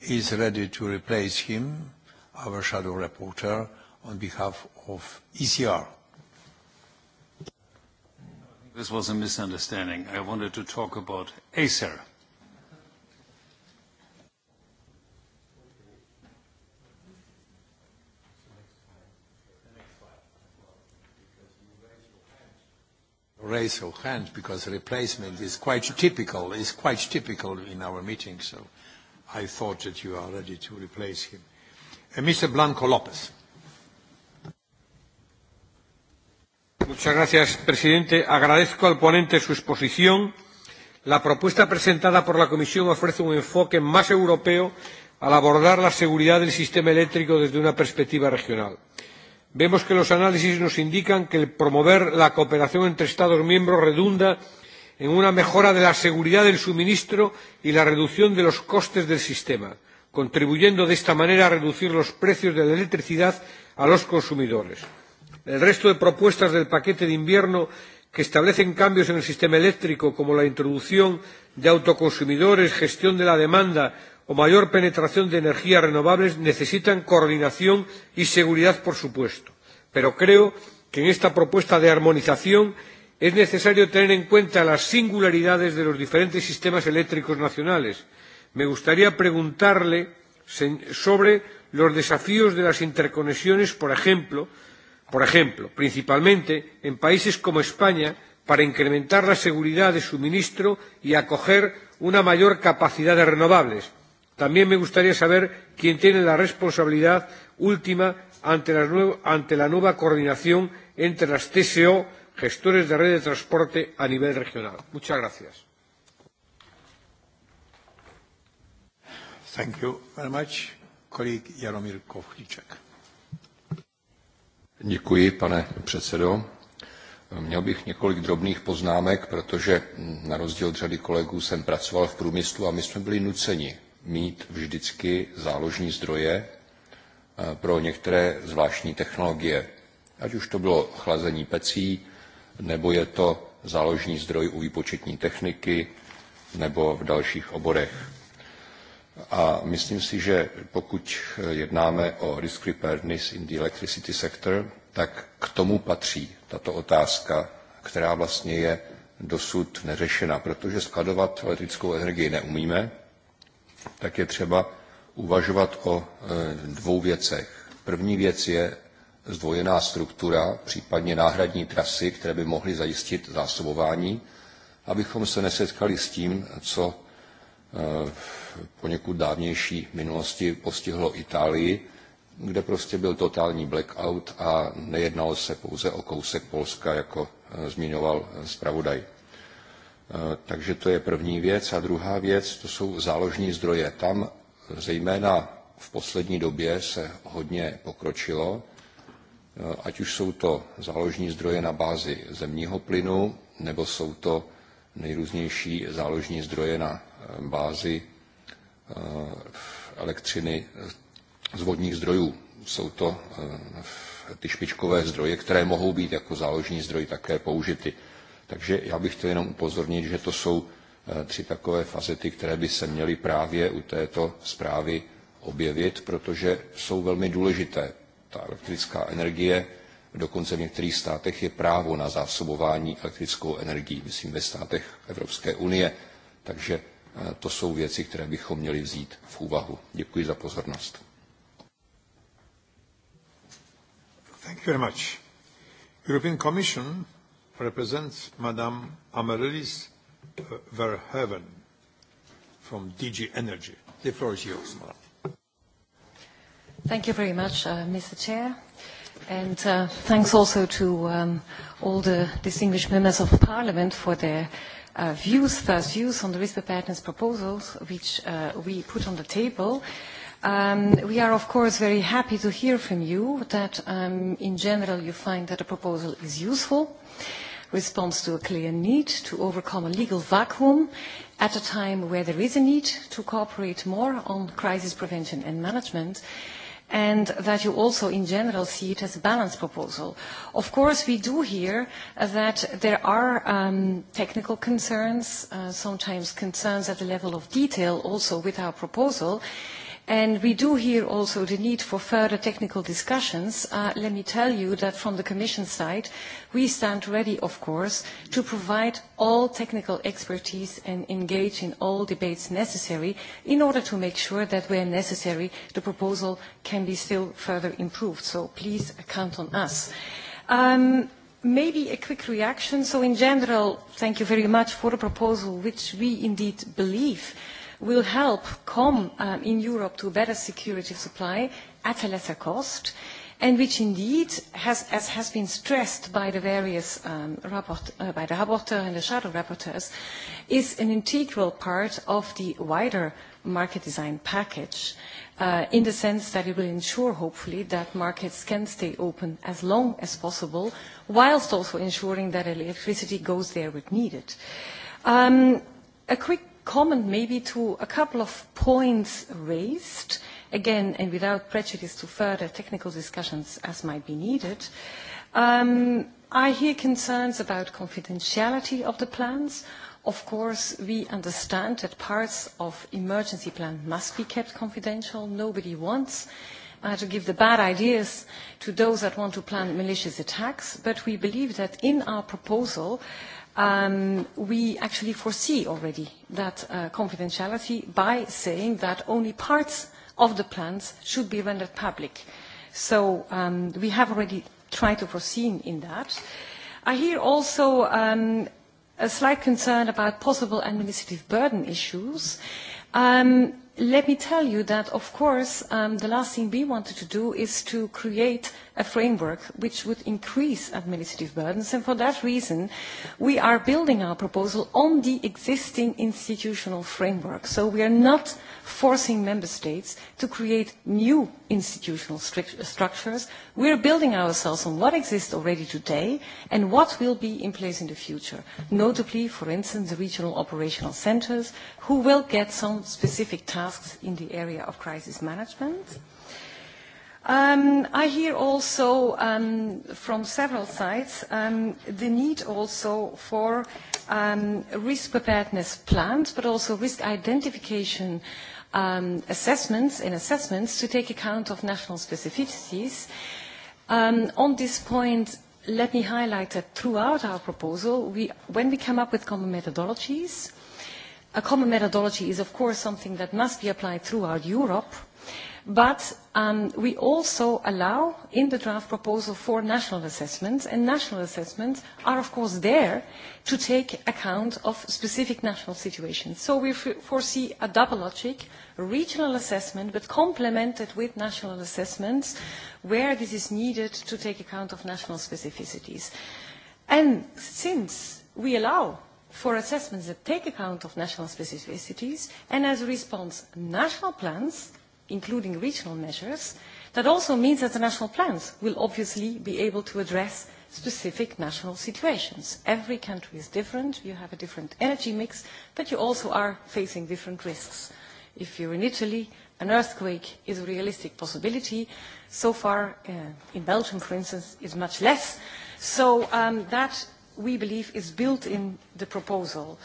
is ready to replace him, our shadow reporter, on behalf of ECR. This was a misunderstanding. I wanted to talk about Acer raise your hand because replacement is quite typical, is quite typical in our meeting, so I thought that you are ready to replace him. Uh, Mr. Blanco López. Muchas gracias, presidente. Agradezco al ponente su exposición. La propuesta presentada por la Comisión ofrece un enfoque más europeo al abordar la seguridad del sistema eléctrico desde una perspectiva regional Vemos que los análisis nos indican que el promover la cooperación entre Estados miembros redunda en una mejora de la seguridad del suministro y la reducción de los costes del sistema, contribuyendo de esta manera a reducir los precios de la electricidad a los consumidores. El resto de propuestas del paquete de invierno que establecen cambios en el sistema eléctrico, como la introducción de autoconsumidores, gestión de la demanda o mayor penetración de energías renovables necesitan coordinación y seguridad, por supuesto, pero creo que en esta propuesta de armonización es necesario tener en cuenta las singularidades de los diferentes sistemas eléctricos nacionales. Me gustaría preguntarle sobre los desafíos de las interconexiones, por ejemplo, por ejemplo, principalmente en países como España, para incrementar la seguridad de suministro y acoger una mayor capacidad de renovables También me gustaría saber quién tiene la responsabilidad última ante la, ante la nueva coordinación entre las TSO, gestores de red de transporte a nivel regional. Muchas gracias. Thank you very much. Colleague Jaromír Kovlíček. Děkuji, pane předsedo. Měl bych několik drobných poznámek, protože na rozdíl od řady kolegů jsem pracoval v průmyslu a my jsme byli nuceni mít vždycky záložní zdroje eh, pro některé zvláštní technologie. Ať už to bylo chlazení pecí, nebo je to záložní zdroj u výpočetní techniky, nebo v dalších oborech. A myslím si, že pokud eh, jednáme o risk preparedness in the electricity sector, tak k tomu patří tato otázka, která vlastně je dosud neřešena, protože skladovat elektrickou energii neumíme, tak je třeba uvažovat o e, dvou věcech. První věc je zdvojená struktura, případně náhradní trasy, které by mohly zajistit zásobování, abychom se nesetkali s tím, co v e, poněkud dávnější minulosti postihlo Itálii, kde prostě byl totální blackout a nejednalo se pouze o kousek Polska, jako e, zmiňoval zpravodaj. Eh, takže to je první věc. A druhá věc, to jsou záložní zdroje. Tam eh, zejména v poslední době se hodně pokročilo, eh, ať už jsou to záložní zdroje na bázi zemního plynu, nebo jsou to nejrůznější záložní zdroje na bázi elektřiny z vodních zdrojů. Jsou to ty špičkové zdroje, které mohou být jako záložní zdroj také použity. Takže já bych chtěl jenom upozornit, že to jsou eh, tři takové fazety, které by se měly právě u této zprávy objevit, protože jsou velmi důležité. Ta elektrická energie, dokonce v některých státech je právo na zásobování elektrickou energií, myslím ve státech Evropské unie. Takže eh, to jsou věci, které bychom měli vzít v úvahu. Děkuji za pozornost. Thank you very much. European Commission represents Madame Amaryllis uh, Verheven from DG Energy. The floor is yours, Madame. Thank you very much, uh, Mr. Chair. And uh, thanks also to um, all the distinguished members of Parliament for their uh, views, first views on the risk preparedness proposals which uh, we put on the table. Uh, Um, we are, of course, very happy to hear from you that, um, in general, you find that the proposal is useful, responds to a clear need to overcome a legal vacuum at a time where there is a need to cooperate more on crisis prevention and management, and that you also in general see it as a balanced proposal. Of course, we do hear that there are um, technical concerns, uh, sometimes concerns at the level of detail also with our proposal, uh, And we do hear also the need for further technical discussions. Uh, let me tell you that from the Commission side, we stand ready, of course, to provide all technical expertise and engage in all debates necessary in order to make sure that where necessary, the proposal can be still further improved. So please count on us. Um, Maybe a quick reaction. So in general, thank you very much for the proposal, which we indeed believe uh, will help come um, in Europe to better security of supply at a lesser cost, and which indeed, has, as has been stressed by the various um, rapport, uh, by the rapporteur and the shadow rapporteurs, is an integral part of the wider market design package uh, in the sense that it will ensure, hopefully, that markets can stay open as long as possible, whilst also ensuring that electricity goes there when needed. Um, a quick comment maybe to a couple of points raised, again, and without prejudice to further technical discussions as might be needed. Um, I hear concerns about confidentiality of the plans. Of course, we understand that parts of emergency plan must be kept confidential. Nobody wants uh, to give the bad ideas to those that want to plan malicious attacks, but we believe that in our proposal, uh, um, we actually foresee already that uh, confidentiality by saying that only parts of the plans should be rendered public. So um, we have already tried to foresee in that. I hear also um, a slight concern about possible administrative burden issues. Um, let me tell you that, of course, um, the last thing we wanted to do is to create a framework which would increase administrative burdens. And for that reason, we are building our proposal on the existing institutional framework. So we are not forcing member states to create new institutional structures. We are building ourselves on what exists already today and what will be in place in the future. Notably, for instance, the regional operational centers, who will get some specific tasks tasks in the area of crisis management. Um, I hear also um, from several sides um, the need also for um, risk preparedness plans, but also risk identification um, assessments and assessments to take account of national specificities. Um, on this point, let me highlight that throughout our proposal, we, when we come up with common methodologies, uh, a common methodology is of course something that must be applied throughout Europe, but um, we also allow in the draft proposal for national assessments, and national assessments are of course there to take account of specific national situations. So we foresee a double logic, regional assessment, but complemented with national assessments where this is needed to take account of national specificities. And since we allow for assessments that take account of national specificities and as a response national plans, including regional measures, that also means that the national plans will obviously be able to address specific national situations. Every country is different, you have a different energy mix, but you also are facing different risks. If you're in Italy, an earthquake is a realistic possibility. So far, uh, in Belgium, for instance, is much less. So um, that we believe is built in the proposal.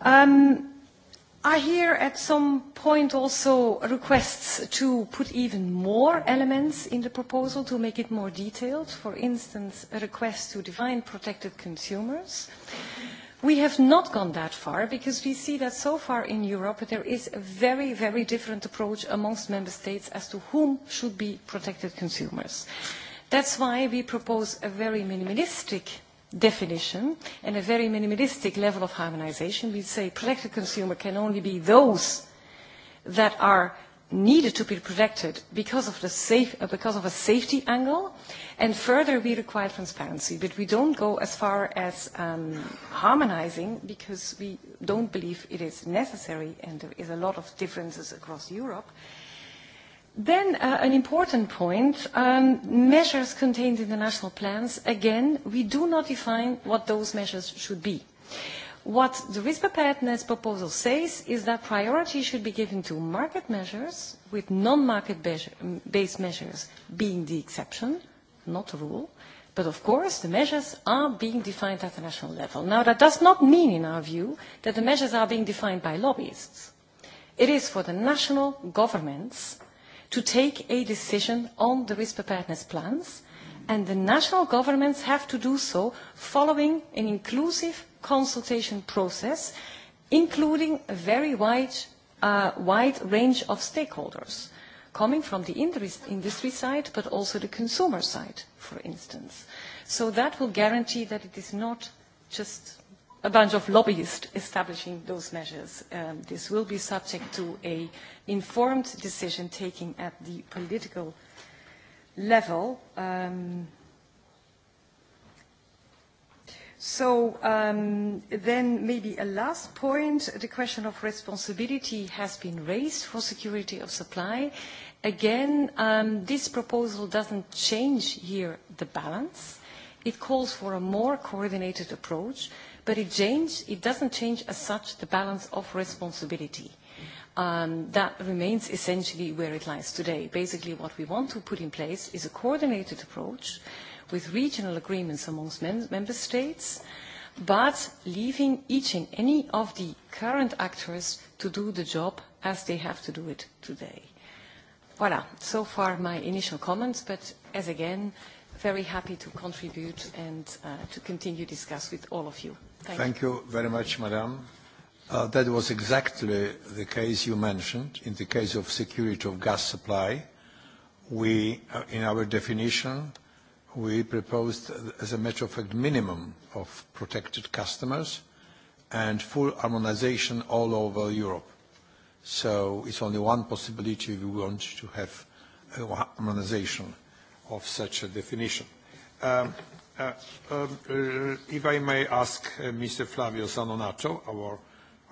Um, I hear at some point also requests to put even more elements in the proposal to make it more detailed. For instance, a request to define protected consumers. We have not gone that far because we see that so far in Europe there is a very, very different approach amongst member states as to whom should be protected consumers. That's why we propose a very minimalistic definition and a very minimalistic level of harmonization. We say protected consumer can only be those that are needed to be protected because of, the safe, uh, because of a safety angle. And further, we require transparency. But we don't go as far as um, harmonizing because we don't believe it is necessary and there is a lot of differences across Europe. Uh, Then uh, an important point, um, measures contained in the national plans, again, we do not define what those measures should be. What the risk preparedness proposal says is that priority should be given to market measures, with non-market um, based measures being the exception, not the rule. But of course, the measures are being defined at the national level. Now, that does not mean, in our view, that the measures are being defined by lobbyists. It is for the national governments to take a decision on the risk preparedness plans, and the national governments have to do so following an inclusive consultation process, including a very wide, uh, wide range of stakeholders, coming from the industry side, but also the consumer side, for instance. So that will guarantee that it is not just a bunch of lobbyists establishing those measures. Um, this will be subject to an informed decision taking at the political level. Um, So um, then maybe a last point, the question of responsibility has been raised for security of supply. Again, um, this proposal doesn't change here the balance. It calls for a more coordinated approach but it, change, it doesn't change as such the balance of responsibility. Um, that remains essentially where it lies today. Basically, what we want to put in place is a coordinated approach with regional agreements amongst mem member states, but leaving each and any of the current actors to do the job as they have to do it today. Voilà, so far my initial comments, but as again, very happy to contribute and uh, to continue discuss with all of you. Thank, Thank you. you very much, Madam. Uh, that was exactly the case you mentioned. In the case of security of gas supply, we, uh, in our definition, we proposed as a matter of fact minimum of protected customers and full harmonization all over Europe. So it's only one possibility if we want to have harmonization of such a definition. Um, Uh, um, uh, if I may ask uh, Mr. Flavio Zanonato, our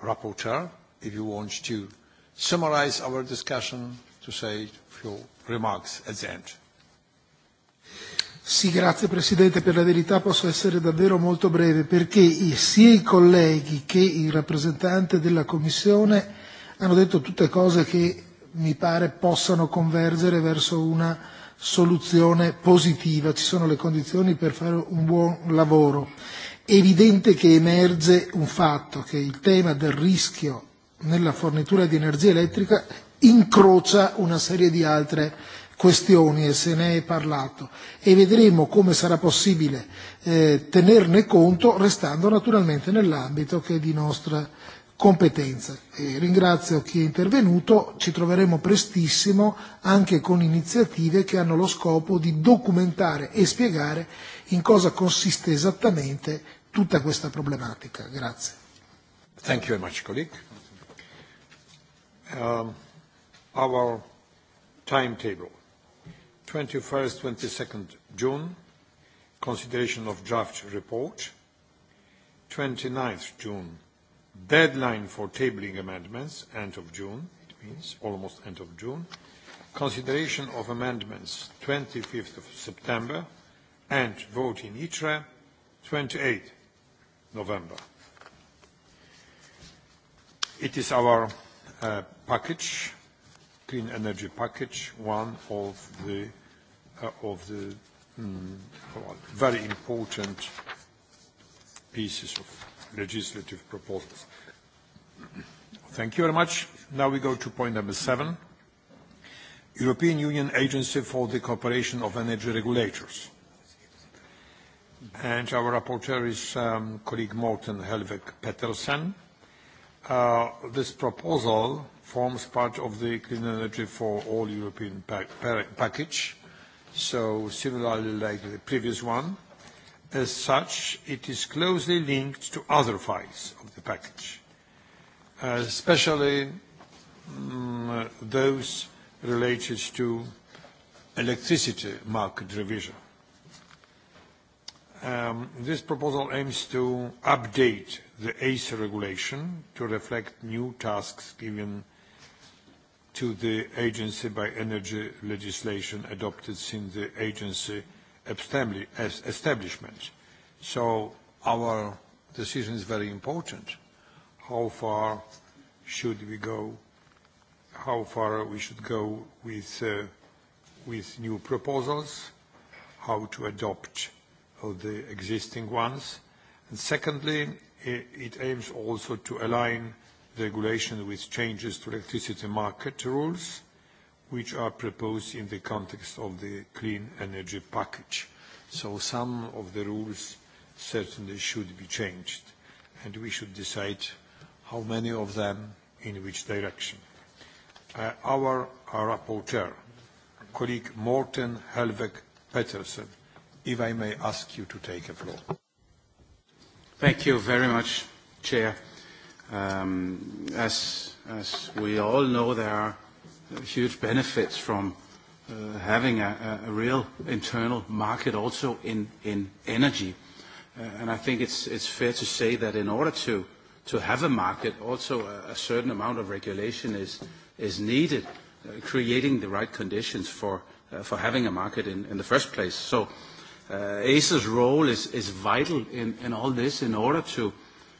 rapporteur, if you want to summarize our discussion to say a few remarks at the end. Sì, grazie Presidente. Per la verità posso essere davvero molto breve perché sia i colleghi che il rappresentante della Commissione hanno detto tutte cose che mi pare possano convergere verso una soluzione positiva, ci sono le condizioni per fare un buon lavoro. È evidente che emerge un fatto, che il tema del rischio nella fornitura di energia elettrica incrocia una serie di altre questioni e se ne è parlato e vedremo come sarà possibile eh, tenerne conto restando naturalmente nell'ambito che è di nostra competenze. E ringrazio chi è intervenuto, ci troveremo prestissimo anche con iniziative che hanno lo scopo di documentare e spiegare in cosa consiste esattamente tutta questa problematica. Grazie. Thank you very much, colleague. Um, our timetable, 21st, 22nd June, consideration of draft report, 29th June, deadline for tabling amendments, end of June, it means almost end of June, consideration of amendments 25th of September, and vote in ITRE 28 November. It is our uh, package, clean energy package, one of the, uh, of the mm, very important pieces of legislative proposals. Thank you very much. Now we go to point number seven, European Union Agency for the Cooperation of Energy Regulators. And our rapporteur is um, colleague Morten Helveg Petersen. Uh, this proposal forms part of the Clean Energy for All European pa pa package, so similarly like the previous one. As such, it is closely linked to other files of the package, uh, especially um, those related to electricity market revision. Um, this proposal aims to update the ACER regulation to reflect new tasks given to the agency by energy legislation adopted since the agency establishment. So our decision is very important. How far should we go? How far we should go with, uh, with new proposals? How to adopt uh, the existing ones? And secondly, it, it aims also to align the regulation with changes to electricity market rules which are proposed in the context of the clean energy package. So some of the rules certainly should be changed, and we should decide how many of them in which direction. Uh, our, our rapporteur, colleague Morten Helveg Petersen, if I may ask you to take the floor. Thank you very much, Chair. Um, as, as we all know, there are huge benefits from uh, having a, a real internal market also in, in energy. Uh, and I think it's, it's fair to say that in order to, to have a market, also a, a certain amount of regulation is, is needed, uh, creating the right conditions for, uh, for having a market in, in the first place. So uh, ACER's role is, is vital in, in all this in order to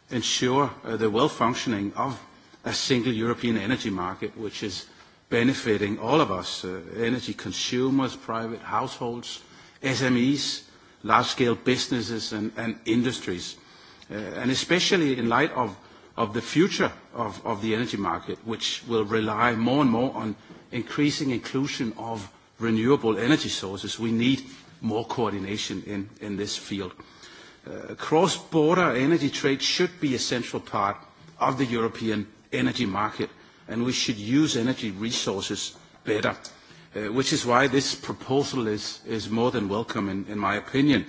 ensure uh, the well-functioning of a single European energy market, which is benefiting all of us, uh, energy consumers, private households, SMEs, large-scale businesses and, and industries. Uh, and especially in light of, of the future of, of the energy market, which will rely more and more on increasing inclusion of renewable energy sources, we need more coordination in, in this field. Uh, cross-border energy trade should be a central part of the European energy market – and we should use energy resources better, uh, which is why this proposal is, is more than welcome, in, in my opinion.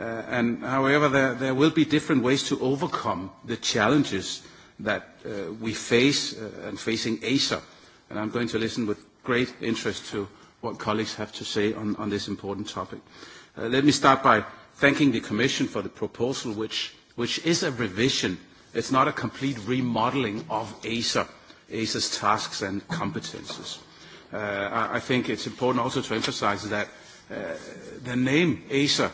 Uh, and however, there, there will be different ways to overcome the challenges that uh, we face uh, and facing ASA. And I'm going to listen with great interest to what colleagues have to say on, on this important topic. Uh, let me start by thanking the Commission for the proposal, which, which is a revision. It's not a complete remodeling of ASA. Uh, ACE's tasks and competences. Uh, I, I think it's important also to emphasize that uh, the name ACER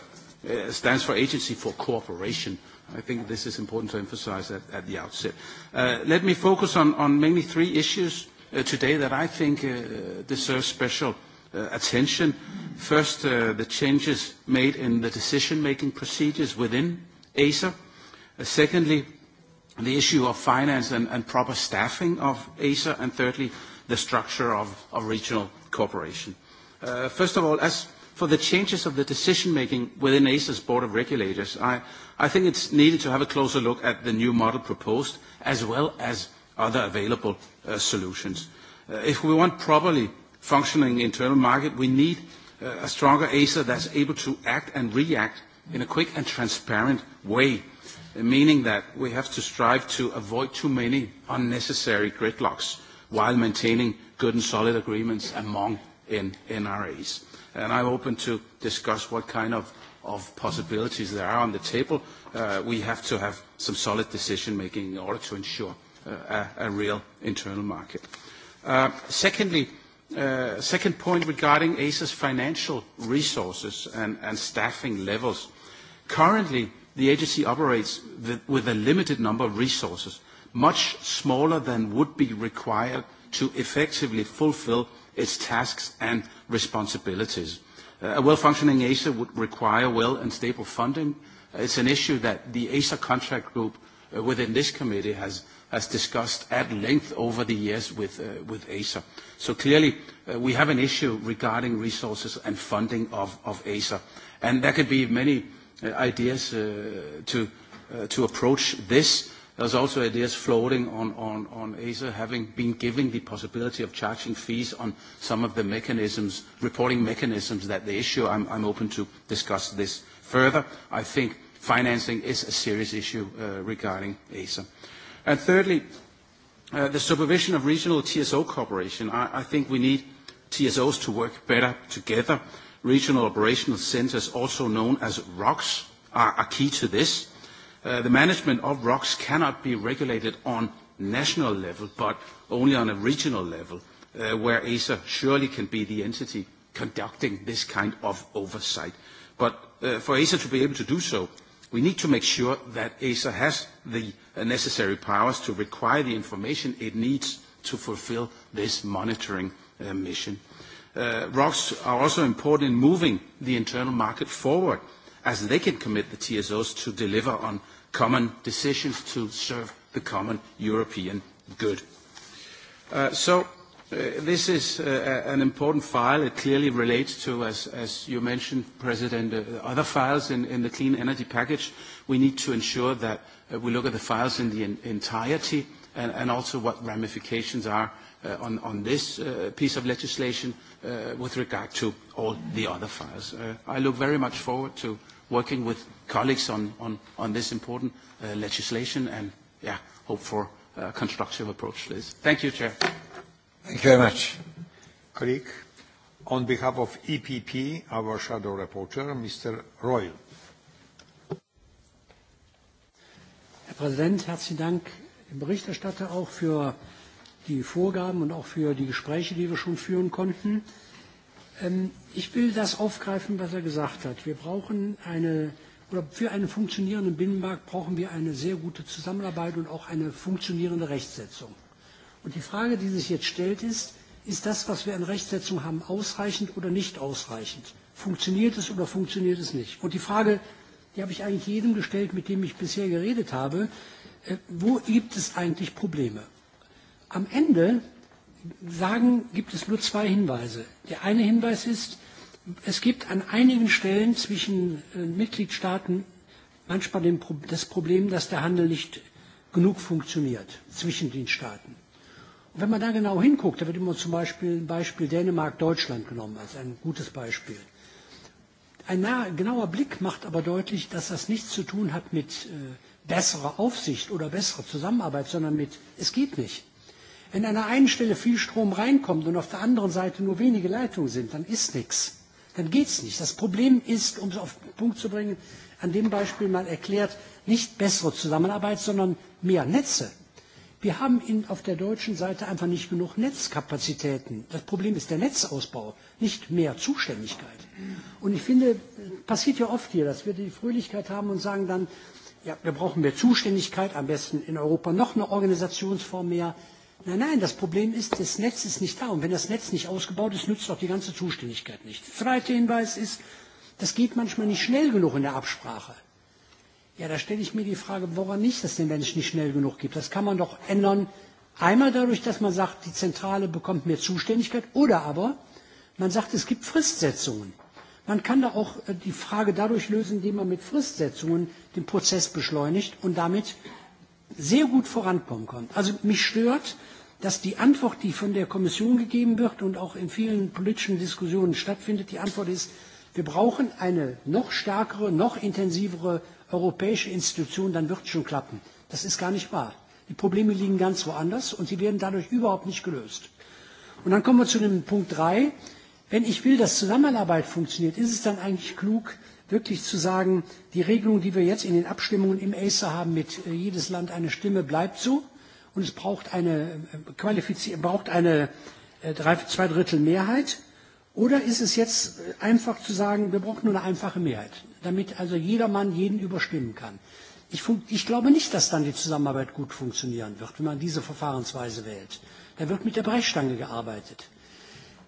uh, stands for Agency for Cooperation. I think this is important to emphasize at, at the outset. Uh, let me focus on, on mainly three issues uh, today that I think uh, deserve special uh, attention. First, uh, the changes made in the decision-making procedures within ACER. Uh, secondly, the issue of finance and, and proper staffing of ASA, and thirdly, the structure of, of regional cooperation. Uh, first of all, as for the changes of the decision-making within ASA's Board of Regulators, I, I think it's needed to have a closer look at the new model proposed, as well as other available uh, solutions. Uh, if we want properly functioning internal market, we need uh, a stronger ASA that's able to act and react in a quick and transparent way, uh, meaning that we have to strive to avoid too many unnecessary gridlocks while maintaining good and solid agreements among NRAs. And I'm open to discuss what kind of, of possibilities there are on the table. Uh, we have to have some solid decision-making in order to ensure uh, a, a real internal market. Uh, secondly, uh, second point regarding ASA's financial resources and, and staffing levels. Currently, the agency operates with a limited number of resources, much smaller than would be required to effectively fulfill its tasks and responsibilities. Uh, a well-functioning ASA would require well and stable funding. Uh, it's an issue that the ASA contract group uh, within this committee has, has discussed at length over the years with, uh, with ASA. So clearly, uh, we have an issue regarding resources and funding of, of ASA. And there could be many Uh, ideas uh, to, uh, to approach this. There's also ideas floating on, on, on ASA having been given the possibility of charging fees on some of the mechanisms, reporting mechanisms that they issue. I'm, I'm open to discuss this further. I think financing is a serious issue uh, regarding ASA. And thirdly, uh, the supervision of regional TSO cooperation. I, I think we need TSOs to work better together. Uh, Regional Operational Centers, also known as ROCs, are, are key to this. Uh, the management of ROCs cannot be regulated on national level, but only on a regional level, uh, where ASA surely can be the entity conducting this kind of oversight. But uh, for ASA to be able to do so, we need to make sure that ASA has the uh, necessary powers to require the information it needs to fulfill this monitoring uh, mission uh, ROCs are also important in moving the internal market forward, as they can commit the TSOs to deliver on common decisions to serve the common European good. Uh, so uh, this is uh, an important file. It clearly relates to, as, as you mentioned, President, uh, other files in, in the clean energy package. We need to ensure that uh, we look at the files in the in entirety and, and also what ramifications are uh, uh, on, on this uh, piece of legislation uh, with regard to all the other files. Uh, I look very much forward to working with colleagues on, on, on this important uh, legislation and yeah, hope for a constructive approach to this. Thank you, Chair. Thank you very much. Colleague, on behalf of EPP, our shadow rapporteur, Mr. Royal. Herr Präsident, herzlichen Dank dem Berichterstatter auch für die Vorgaben und auch für die Gespräche, die wir schon führen konnten. Ähm, ich will das aufgreifen, was er gesagt hat. Wir brauchen eine, oder für einen funktionierenden Binnenmarkt brauchen wir eine sehr gute Zusammenarbeit und auch eine funktionierende Rechtsetzung. Und die Frage, die sich jetzt stellt, ist, ist das, was wir an Rechtsetzung haben, ausreichend oder nicht ausreichend? Funktioniert es oder funktioniert es nicht? Und die Frage, die habe ich eigentlich jedem gestellt, mit dem ich bisher geredet habe, äh, wo gibt es eigentlich Probleme? am Ende sagen, gibt es nur zwei Hinweise. Der eine Hinweis ist, es gibt an einigen Stellen zwischen äh, Mitgliedstaaten manchmal den, das Problem, dass der Handel nicht genug funktioniert zwischen den Staaten. Und wenn man da genau hinguckt, da wird immer zum Beispiel ein Beispiel Dänemark-Deutschland genommen als ein gutes Beispiel. Ein nahe, genauer Blick macht aber deutlich, dass das nichts zu tun hat mit äh, besserer Aufsicht oder besserer Zusammenarbeit, sondern mit, es geht nicht. Wenn an einer einen Stelle viel Strom reinkommt und auf der anderen Seite nur wenige Leitungen sind, dann ist nichts. Dann geht es nicht. Das Problem ist, um es auf den Punkt zu bringen, an dem Beispiel mal erklärt, nicht bessere Zusammenarbeit, sondern mehr Netze. Wir haben in, auf der deutschen Seite einfach nicht genug Netzkapazitäten. Das Problem ist der Netzausbau, nicht mehr Zuständigkeit. Und ich finde, passiert ja oft hier, dass wir die Fröhlichkeit haben und sagen dann, ja, wir brauchen mehr Zuständigkeit, am besten in Europa noch eine Organisationsform mehr. Nein, nein, das Problem ist, das Netz ist nicht da. Und wenn das Netz nicht ausgebaut ist, nützt auch die ganze Zuständigkeit nicht. Der zweite Hinweis ist, das geht manchmal nicht schnell genug in der Absprache. Ja, da stelle ich mir die Frage, woran liegt das denn, wenn es nicht schnell genug gibt? Das kann man doch ändern. Einmal dadurch, dass man sagt, die Zentrale bekommt mehr Zuständigkeit oder aber man sagt, es gibt Fristsetzungen. Man kann da auch äh, die Frage dadurch lösen, indem man mit Fristsetzungen den Prozess beschleunigt und damit sehr gut vorankommen kann. Also mich stört, dass die Antwort, die von der Kommission gegeben wird und auch in vielen politischen Diskussionen stattfindet, die Antwort ist, wir brauchen eine noch stärkere, noch intensivere europäische Institution, dann wird es schon klappen. Das ist gar nicht wahr. Die Probleme liegen ganz woanders und sie werden dadurch überhaupt nicht gelöst. Und dann kommen wir zu dem Punkt 3. Wenn ich will, dass Zusammenarbeit funktioniert, ist es dann eigentlich klug, wirklich zu sagen, die Regelung, die wir jetzt in den Abstimmungen im ACER haben mit äh, jedes Land eine Stimme, bleibt so. Und es braucht eine, äh, braucht eine äh, drei, zwei Drittel Mehrheit. Oder ist es jetzt äh, einfach zu sagen, wir brauchen nur eine einfache Mehrheit, damit also jedermann jeden überstimmen kann? Ich, ich glaube nicht, dass dann die Zusammenarbeit gut funktionieren wird, wenn man diese Verfahrensweise wählt. Da wird mit der Brechstange gearbeitet.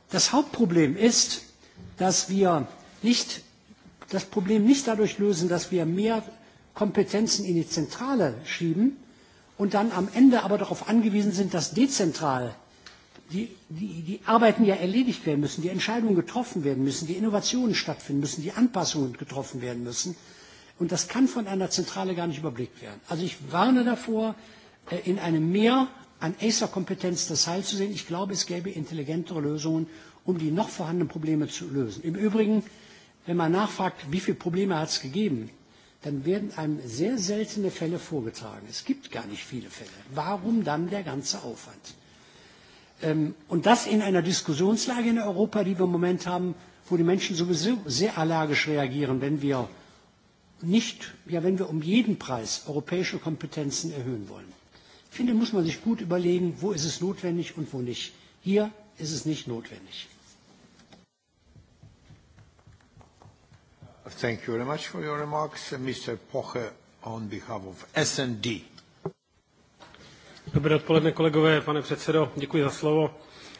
Das Hauptproblem ist, dass wir nicht das Problem nicht dadurch lösen, dass wir mehr Kompetenzen in die Zentrale schieben und dann am Ende aber darauf angewiesen sind, dass dezentral die, die, die Arbeiten ja erledigt werden müssen, die Entscheidungen getroffen werden müssen, die Innovationen stattfinden müssen, die Anpassungen getroffen werden müssen. Und das kann von einer Zentrale gar nicht überblickt werden. Also ich warne davor, äh, in einem Meer an Acer-Kompetenz das Heil zu sehen. Ich glaube, es gäbe intelligentere Lösungen, um die noch vorhandenen Probleme zu lösen. Im Übrigen Wenn man nachfragt, wie viele Probleme hat es gegeben, dann werden einem sehr seltene Fälle vorgetragen. Es gibt gar nicht viele Fälle. Warum dann der ganze Aufwand? Ähm, und das in einer Diskussionslage in Europa, die wir im Moment haben, wo die Menschen sowieso sehr allergisch reagieren, wenn wir nicht, ja, wenn wir um jeden Preis europäische Kompetenzen erhöhen wollen. Ich finde, muss man sich gut überlegen, wo ist es notwendig und wo nicht. Hier ist es nicht notwendig. Thank you very much for your remarks. Uh, Mr. Poche on behalf of SND. Dobré odpoledne, kolegové, pane předsedo, děkuji za slovo.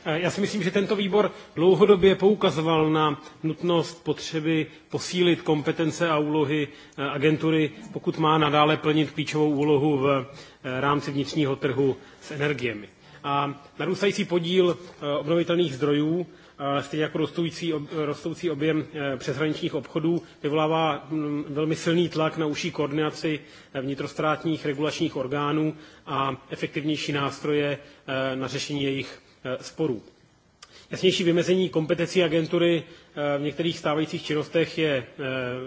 Eh, já si myslím, že tento výbor dlouhodobě poukazoval na nutnost potřeby posílit kompetence a úlohy eh, agentury, pokud má nadále plnit klíčovou úlohu v eh, rámci vnitřního trhu s energiemi. A narůstající podíl obnovitelných zdrojů stejně jako rostoucí, rostoucí objem eh, přeshraničních obchodů vyvolává mm, velmi silný tlak na užší koordinaci eh, vnitrostátních regulačních orgánů a efektivnější nástroje eh, na řešení jejich sporů. Jasnější vymezení kompetencí agentury Eh, v některých stávajících činnostech je eh,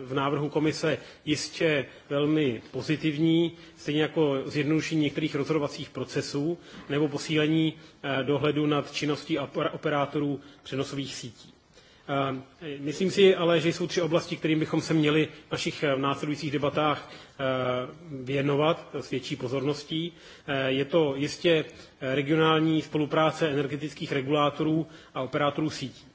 v návrhu komise jistě velmi pozitivní, stejně jako zjednodušení některých rozhodovacích procesů nebo posílení eh, dohledu nad činností operátorů přenosových sítí. Myslím si ale, že jsou tři oblasti, kterým bychom se měli v našich následujících debatách věnovat s větší pozorností. Je to jistě regionální spolupráce energetických regulátorů a operátorů sítí.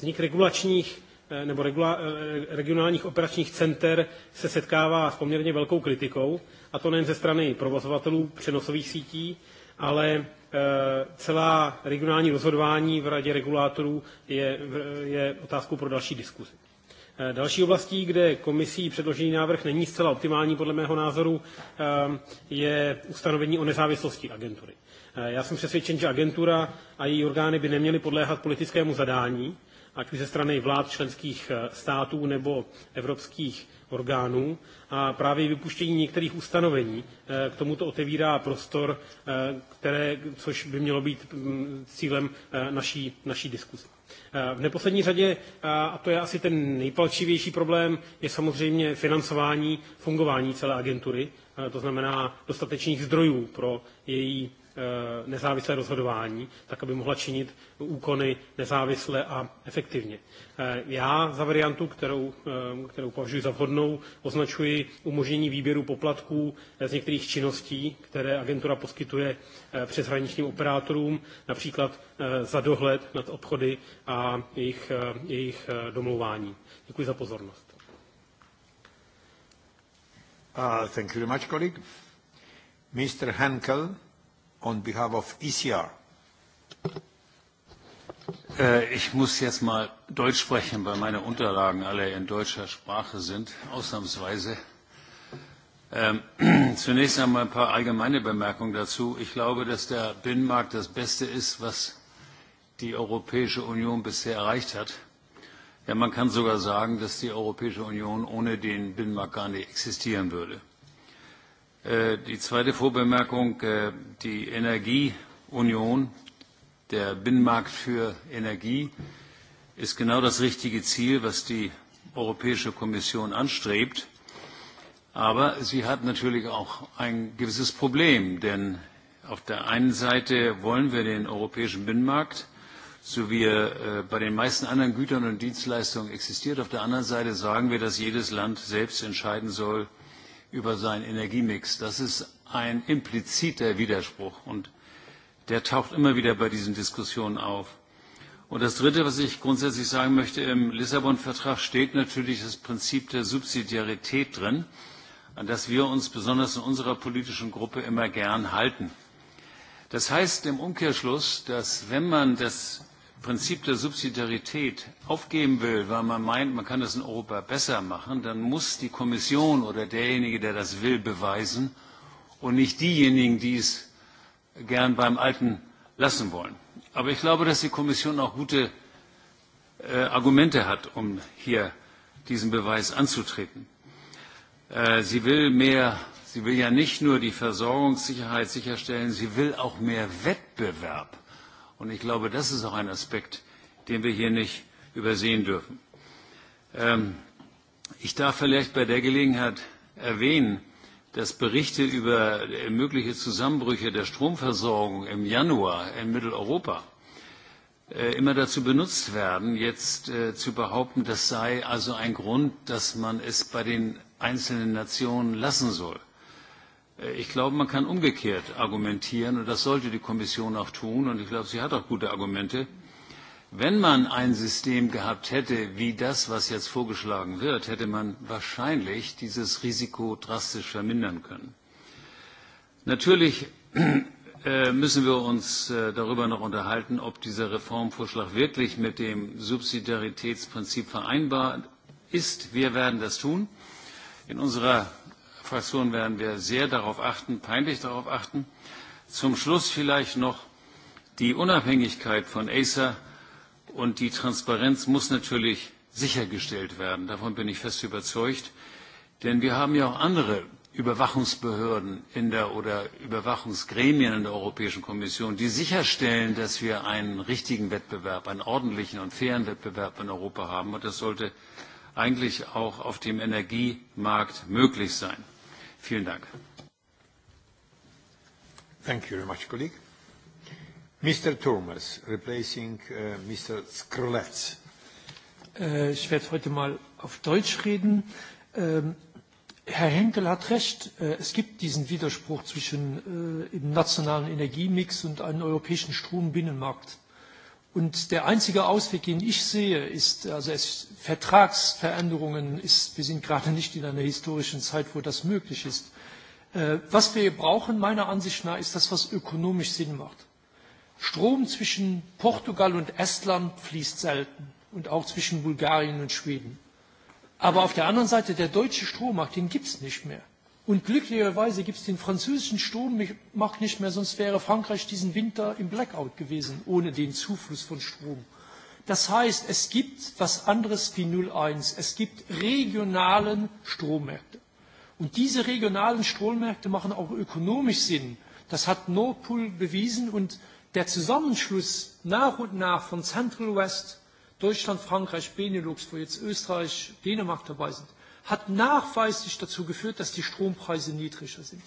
Vznik regulačních eh, nebo regula, eh, regionálních operačních center se setkává s poměrně velkou kritikou, a to nejen ze strany provozovatelů přenosových sítí, ale eh, celá regionální rozhodování v radě regulátorů je, je otázkou pro další diskuzi. Další oblastí, kde komisí předložený návrh není zcela optimální, podle mého názoru, je ustanovení o nezávislosti agentury. Já jsem přesvědčen, že agentura a její orgány by neměly podléhat politickému zadání, ať už ze strany vlád členských eh, států nebo evropských orgánů. A právě vypuštění některých ustanovení eh, k tomuto otevírá prostor, eh, které, což by mělo být mm, cílem naší, naší diskuse. V neposlední řadě, a to je asi ten nejpalčivější problém, je samozřejmě financování fungování celé agentury, to znamená dostatečných zdrojů pro její Eh, nezávislé rozhodování, tak aby mohla činit úkony nezávisle a efektivně. Eh, já za variantu, kterou, eh, kterou považuji za vhodnou, označuji umožnění výběru poplatků z některých činností, které agentura poskytuje přeshraničním operátorům, například za dohled nad obchody a jejich, jejich domlouvání. Děkuji za pozornost. Uh, thank you very much, colleague. Mr. Henkel on behalf of ECR. Äh, ich muss jetzt mal Deutsch sprechen, weil meine Unterlagen alle in deutscher Sprache sind, ausnahmsweise. Ähm, zunächst einmal ein paar allgemeine Bemerkungen dazu. Ich glaube, dass der Binnenmarkt das Beste ist, was die Europäische Union bisher erreicht hat. Ja, man kann sogar sagen, dass die Europäische Union ohne den Binnenmarkt gar nicht existieren würde. Äh, die zweite Vorbemerkung, äh, die Energieunion, der Binnenmarkt für Energie ist genau das richtige Ziel, was die Europäische Kommission anstrebt. Aber sie hat natürlich auch ein gewisses Problem, denn auf der einen Seite wollen wir den europäischen Binnenmarkt, so wie er äh, bei den meisten anderen Gütern und Dienstleistungen existiert. Auf der anderen Seite sagen wir, dass jedes Land selbst entscheiden soll, über seinen Energiemix. Das ist ein impliziter Widerspruch und der taucht immer wieder bei diesen Diskussionen auf. Und das Dritte, was ich grundsätzlich sagen möchte, im Lissabon-Vertrag steht natürlich das Prinzip der Subsidiarität drin, an das wir uns besonders in unserer politischen Gruppe immer gern halten. Das heißt im Umkehrschluss, dass wenn man das Prinzip der Subsidiarität aufgeben will, weil man meint, man kann das in Europa besser machen, dann muss die Kommission oder derjenige, der das will, beweisen und nicht diejenigen, die es gern beim Alten lassen wollen. Aber ich glaube, dass die Kommission auch gute äh, Argumente hat, um hier diesen Beweis anzutreten. Äh, sie will mehr, sie will ja nicht nur die Versorgungssicherheit sicherstellen, sie will auch mehr Wettbewerb Und ich glaube, das ist auch ein Aspekt, den wir hier nicht übersehen dürfen. Ähm, ich darf vielleicht bei der Gelegenheit erwähnen, dass Berichte über mögliche Zusammenbrüche der Stromversorgung im Januar in Mitteleuropa äh, immer dazu benutzt werden, jetzt äh, zu behaupten, das sei also ein Grund, dass man es bei den einzelnen Nationen lassen soll. Ich glaube, man kann umgekehrt argumentieren und das sollte die Kommission auch tun und ich glaube, sie hat auch gute Argumente. Wenn man ein System gehabt hätte, wie das, was jetzt vorgeschlagen wird, hätte man wahrscheinlich dieses Risiko drastisch vermindern können. Natürlich äh, müssen wir uns äh, darüber noch unterhalten, ob dieser Reformvorschlag wirklich mit dem Subsidiaritätsprinzip vereinbar ist. Wir werden das tun. In unserer Fraktion werden wir sehr darauf achten, peinlich darauf achten. Zum Schluss vielleicht noch die Unabhängigkeit von Acer und die Transparenz muss natürlich sichergestellt werden. Davon bin ich fest überzeugt. Denn wir haben ja auch andere Überwachungsbehörden in der, oder Überwachungsgremien in der Europäischen Kommission, die sicherstellen, dass wir einen richtigen Wettbewerb, einen ordentlichen und fairen Wettbewerb in Europa haben. Und das sollte eigentlich auch auf dem Energiemarkt möglich sein. Vielen Dank. Thank you very much, colleague. Mr. Turmes, replacing uh, Mr. Skrulec. Äh, ich werde heute mal auf Deutsch reden. Ähm, Herr Henkel hat recht. Äh, es gibt diesen Widerspruch zwischen äh, dem nationalen Energiemix und einem europäischen Strombinnenmarkt. Und der einzige Ausweg, den ich sehe, ist, also es, Vertragsveränderungen ist, wir sind gerade nicht in einer historischen Zeit, wo das möglich ist. Äh, was wir brauchen, meiner Ansicht nach, ist das, was ökonomisch Sinn macht. Strom zwischen Portugal und Estland fließt selten und auch zwischen Bulgarien und Schweden. Aber auf der anderen Seite, der deutsche Strommarkt, den gibt es nicht mehr. Und glücklicherweise gibt es den französischen Strommarkt nicht mehr, sonst wäre Frankreich diesen Winter im Blackout gewesen, ohne den Zufluss von Strom. Das heißt, es gibt was anderes wie 01. Es gibt regionalen Strommärkte. Und diese regionalen Strommärkte machen auch ökonomisch Sinn. Das hat Nord Pool bewiesen und der Zusammenschluss nach und nach von Central West, Deutschland, Frankreich, Benelux, wo jetzt Österreich, Dänemark dabei sind, hat nachweislich dazu geführt, dass die Strompreise niedriger sind.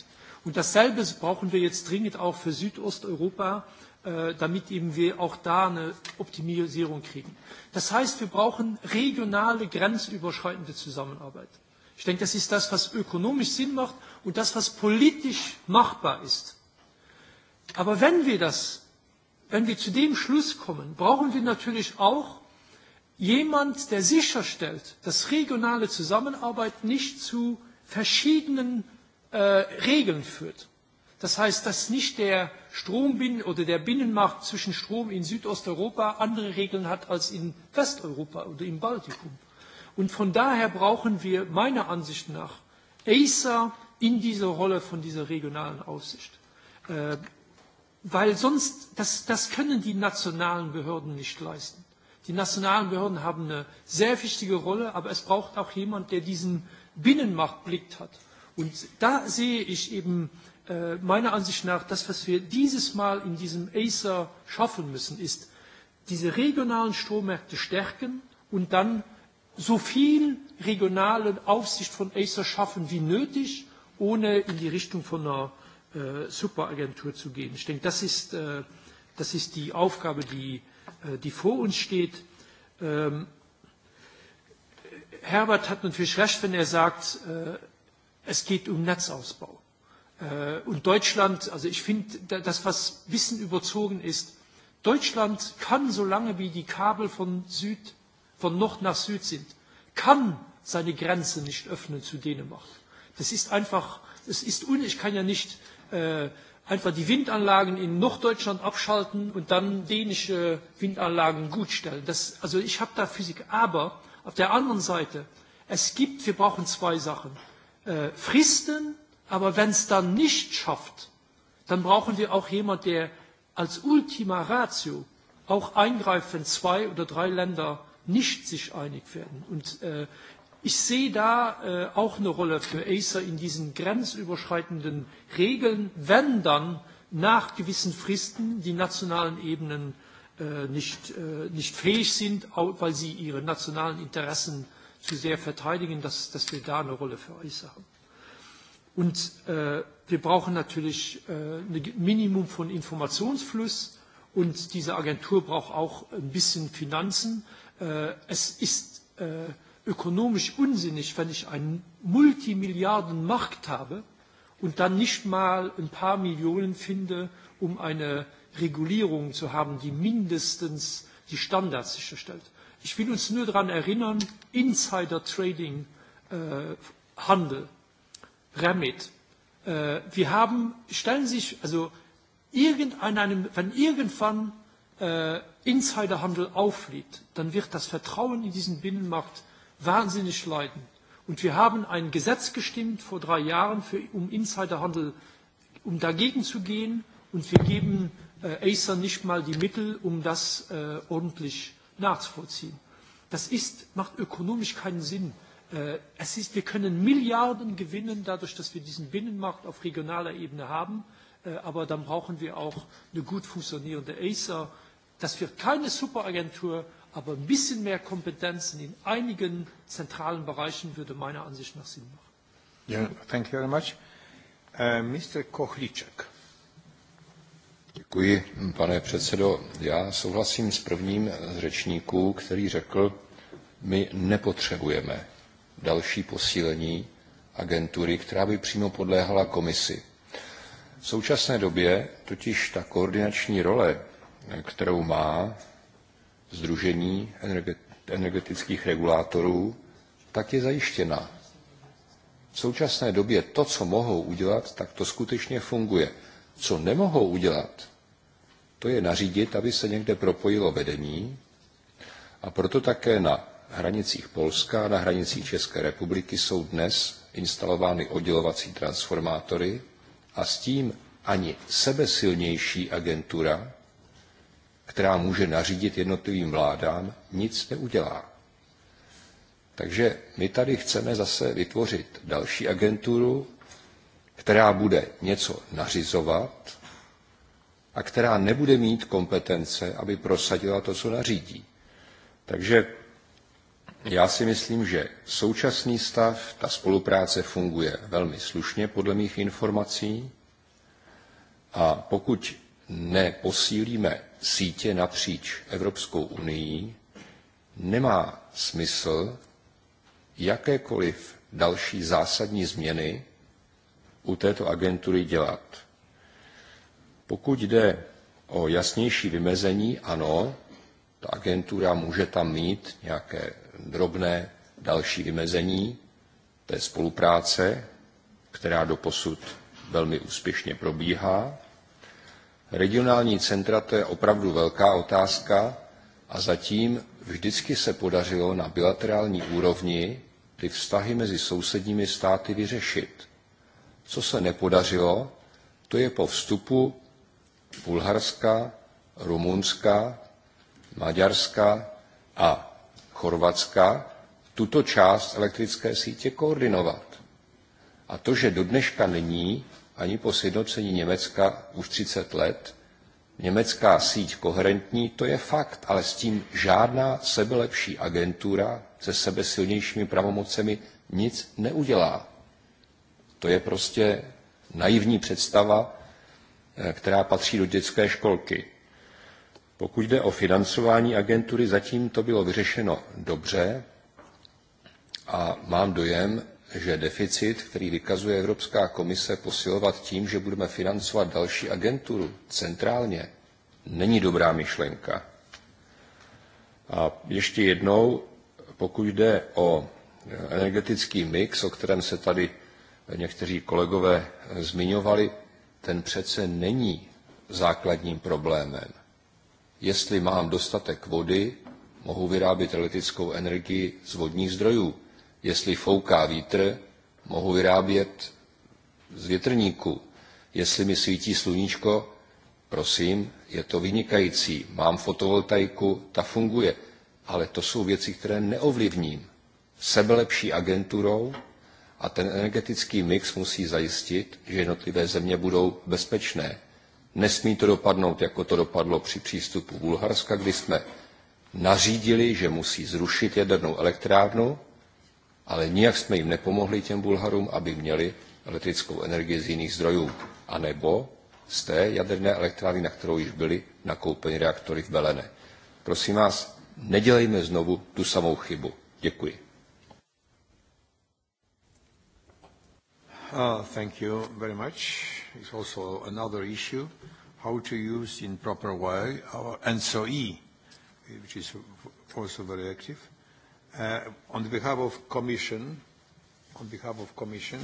Und dasselbe brauchen wir jetzt dringend auch für Südosteuropa, äh, damit eben wir auch da eine Optimisierung kriegen. Das heißt, wir brauchen regionale, grenzüberschreitende Zusammenarbeit. Ich denke, das ist das, was ökonomisch Sinn macht und das, was politisch machbar ist. Aber wenn wir das, wenn wir zu dem Schluss kommen, brauchen wir natürlich auch jemand, der sicherstellt, dass regionale Zusammenarbeit nicht zu verschiedenen äh, Regeln führt. Das heißt, dass nicht der Strombinnen oder der Binnenmarkt zwischen Strom in Südosteuropa andere Regeln hat als in Westeuropa oder im Baltikum. Und von daher brauchen wir meiner Ansicht nach ACER in dieser Rolle von dieser regionalen Aufsicht. Äh, weil sonst, das, das können die nationalen Behörden nicht leisten. Die nationalen Behörden haben eine sehr wichtige Rolle, aber es braucht auch jemand, der diesen Binnenmarktblick hat. Und da sehe ich eben äh, meiner Ansicht nach, das, was wir dieses Mal in diesem Acer schaffen müssen, ist, diese regionalen Strommärkte stärken und dann so viel regionale Aufsicht von Acer schaffen wie nötig, ohne in die Richtung von einer äh, Superagentur zu gehen. Ich denke, das ist, äh, das ist die Aufgabe, die Äh, die vor uns steht. Ähm, Herbert hat natürlich recht, wenn er sagt, äh, es geht um Netzausbau. Äh, und Deutschland, also ich finde, da, das, was ein bisschen überzogen ist, Deutschland kann, solange wie die Kabel von, Süd, von Nord nach Süd sind, kann seine Grenze nicht öffnen zu Dänemark. Das ist einfach, das ist un, ich kann ja nicht äh, einfach die Windanlagen in Norddeutschland abschalten und dann dänische Windanlagen gutstellen. Das, also ich habe da Physik. Aber auf der anderen Seite, es gibt, wir brauchen zwei Sachen. Äh, Fristen, aber wenn es dann nicht schafft, dann brauchen wir auch jemanden, der als Ultima Ratio auch eingreift, wenn zwei oder drei Länder nicht sich einig werden. Und äh, Ich sehe da äh, auch eine Rolle für Acer in diesen grenzüberschreitenden Regeln, wenn dann nach gewissen Fristen die nationalen Ebenen äh, nicht, äh, nicht fähig sind, weil sie ihre nationalen Interessen zu sehr verteidigen, dass, dass wir da eine Rolle für Acer haben. Und äh, wir brauchen natürlich äh, ein Minimum von Informationsfluss und diese Agentur braucht auch ein bisschen Finanzen. Äh, es ist äh, ökonomisch unsinnig, wenn ich einen Multimilliardenmarkt habe und dann nicht mal ein paar Millionen finde, um eine Regulierung zu haben, die mindestens die Standards sicherstellt. Ich will uns nur daran erinnern, Insider-Trading, äh, Handel, Remit. Äh, wir haben, stellen sich, also irgendein, einem, wenn irgendwann äh, Insiderhandel auffliegt, dann wird das Vertrauen in diesen Binnenmarkt wahnsinnig leiden. Und wir haben ein Gesetz gestimmt vor drei Jahren, für, um Insiderhandel, um dagegen zu gehen. Und wir geben äh, Acer nicht mal die Mittel, um das äh, ordentlich nachzuvollziehen. Das ist, macht ökonomisch keinen Sinn. Äh, es ist, wir können Milliarden gewinnen, dadurch, dass wir diesen Binnenmarkt auf regionaler Ebene haben. Äh, aber dann brauchen wir auch eine gut funktionierende Acer. Das wird keine Superagentur, Aber ein bisschen mehr Kompetenzen in einigen zentralen Bereichen würde meiner Ansicht nach Sinn machen. Yeah, thank you very much. Uh, Mr. Kochliček. Děkuji, pane předsedo. Já souhlasím s prvním z řečníků, který řekl, my nepotřebujeme další posílení agentury, která by přímo podléhala komisi. V současné době totiž ta koordinační role, kterou má Združení energetických regulátorů, tak je zajištěná. V současné době to, co mohou udělat, tak to skutečně funguje. Co nemohou udělat, to je nařídit, aby se někde propojilo vedení a proto také na hranicích Polska a na hranicích České republiky jsou dnes instalovány oddělovací transformátory a s tím ani sebesilnější agentura která může nařídit jednotlivým vládám, nic neudělá. Takže my tady chceme zase vytvořit další agenturu, která bude něco nařizovat a která nebude mít kompetence, aby prosadila to, co nařídí. Takže já si myslím, že současný stav, ta spolupráce funguje velmi slušně podle mých informací a pokud neposílíme sítě napříč Evropskou unii nemá smysl jakékoliv další zásadní změny u této agentury dělat. Pokud jde o jasnější vymezení, ano, ta agentura může tam mít nějaké drobné další vymezení té spolupráce, která doposud velmi úspěšně probíhá, Regionální centra to je opravdu velká otázka a zatím vždycky se podařilo na bilaterální úrovni ty vztahy mezi sousedními státy vyřešit. Co se nepodařilo, to je po vstupu Bulharska, Rumunska, Maďarska a Chorvatska tuto část elektrické sítě koordinovat. A to, že do dneška není, ani po sjednocení Německa už 30 let. Německá síť koherentní, to je fakt, ale s tím žádná sebelepší agentura se sebe silnějšími pravomocemi nic neudělá. To je prostě naivní představa, eh, která patří do dětské školky. Pokud jde o financování agentury, zatím to bylo vyřešeno dobře a mám dojem, že deficit, který vykazuje Evropská komise, posilovat tím, že budeme financovat další agenturu centrálně, není dobrá myšlenka. A ještě jednou, pokud jde o energetický mix, o kterém se tady někteří kolegové zmiňovali, ten přece není základním problémem. Jestli mám dostatek vody, mohu vyrábět elektrickou energii z vodních zdrojů. Jestli fouká vítr, mohu vyrábět z větrníku. Jestli mi svítí sluníčko, prosím, je to vynikající. Mám fotovoltaiku, ta funguje. Ale to jsou věci, které neovlivním. Sebelepší agenturou a ten energetický mix musí zajistit, že jednotlivé země budou bezpečné. Nesmí to dopadnout, jako to dopadlo při přístupu Bulharska, kdy jsme nařídili, že musí zrušit jadernou elektrárnu, ale nijak jsme jim nepomohli těm Bulharům, aby měli elektrickou energii z jiných zdrojů, anebo z té jaderné elektrárny, na kterou již byly nakoupeny reaktory v Belene. Prosím vás, nedělejme znovu tu samou chybu. Děkuji. Uh, thank you very much. It's also another issue, how to use in proper way our NSOE, which is also very active uh, on behalf of Commission, on behalf of Commission,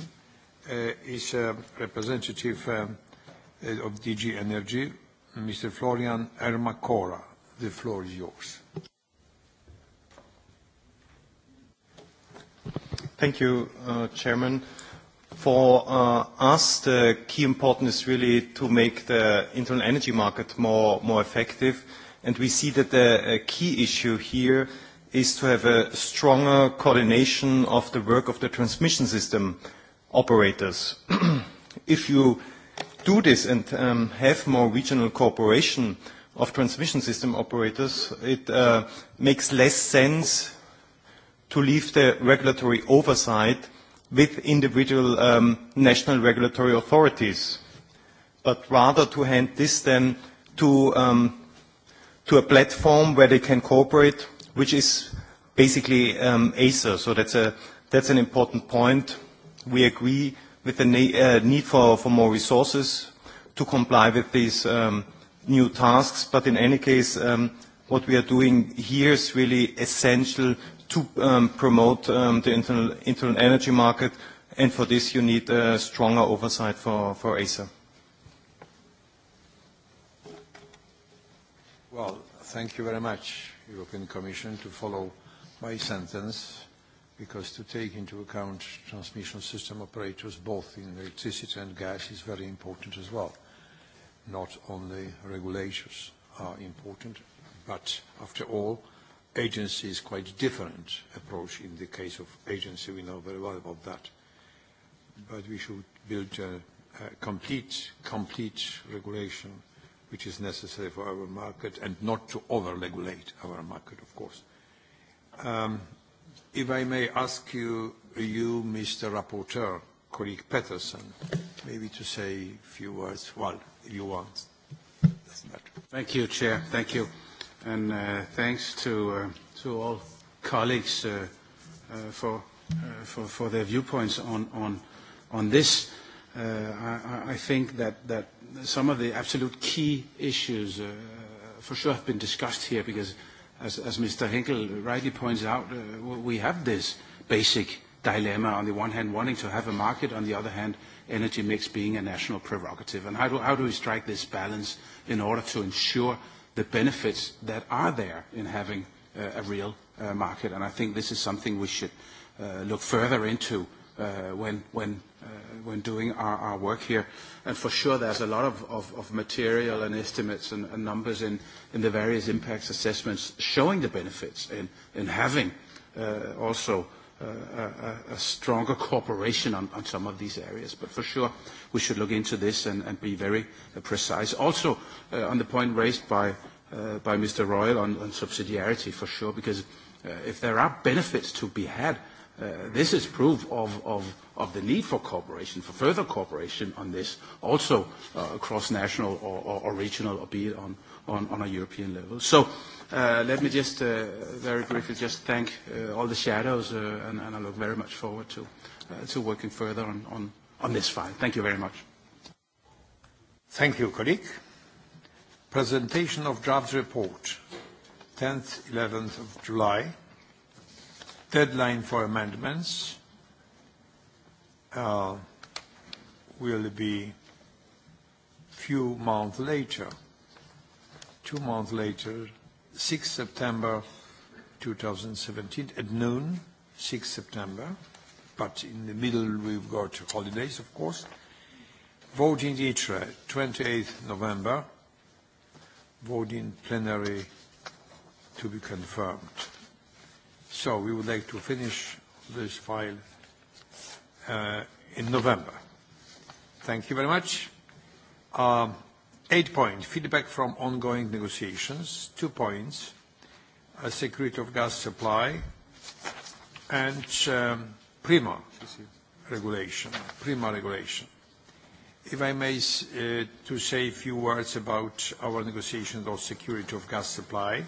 uh, is uh, representative um, uh, of DG Energy, Mr. Florian Ermacora. The floor is yours. Thank you, uh, Chairman. For uh, us, the key important is really to make the internal energy market more, more effective. And we see that the uh, key issue here is to have a stronger coordination of the work of the transmission system operators. if you do this and um, have more regional cooperation of transmission system operators, it uh, makes less sense to leave the regulatory oversight with individual um, national regulatory authorities, but rather to hand this then to, um, to a platform where they can cooperate which is basically um, ACER. So that's, a, that's an important point. We agree with the na- uh, need for, for more resources to comply with these um, new tasks, but in any case, um, what we are doing here is really essential to um, promote um, the internal, internal energy market, and for this you need a stronger oversight for, for ACER. Well, thank you very much. European Commission to follow my sentence because to take into account transmission system operators both in electricity and gas is very important as well. Not only regulators are important, but after all, agency is quite different approach. In the case of agency, we know very well about that. But we should build a, a complete, complete regulation which is necessary for our market and not to over-regulate our market, of course. Um, if I may ask you, you, Mr. Rapporteur, colleague Peterson, maybe to say a few words, well, if you want. Doesn't matter. Thank you, Chair. Thank you. And uh, thanks to, uh, to all colleagues uh, uh, for, uh, for, for their viewpoints on, on, on this. Uh, uh, I, I think that, that some of the absolute key issues uh, for sure have been discussed here because, as, as Mr. Henkel rightly points out, uh, we have this basic dilemma on the one hand wanting to have a market, on the other hand energy mix being a national prerogative. And how do, how do we strike this balance in order to ensure the benefits that are there in having uh, a real uh, market? And I think this is something we should uh, look further into uh, uh, when, when, uh, when doing our, our work here. And for sure, there's a lot of, of, of material and estimates and, and numbers in, in the various impacts assessments showing the benefits in, in having uh, also uh, a, a stronger cooperation on, on some of these areas. But for sure, we should look into this and, and be very uh, precise. Also, uh, on the point raised by, uh, by Mr. Royal on, on subsidiarity, for sure, because uh, if there are benefits to be had Uh, this is proof of, of, of the need for cooperation, for further cooperation on this, also uh, cross-national or, or, or regional, or be it on, on, on a European level. So uh, let me just uh, very briefly just thank uh, all the shadows, uh, and, and I look very much forward to, uh, to working further on, on, on this file. Thank you very much. Thank you, colleague. Presentation of draft report, 10th, 11th of July. Deadline for amendments uh, will be few months later, two months later, 6 September 2017 at noon, 6 September, but in the middle we've got holidays, of course. Vote in ITRE, 28th November. Vote in plenary to be confirmed. So we would like to finish this file uh, in November. Thank you very much. Um, eight point, feedback from ongoing negotiations. Two points, uh, security of gas supply and um, PRIMA regulation. PRIMA regulation. If I may uh, to say a few words about our negotiations on security of gas supply.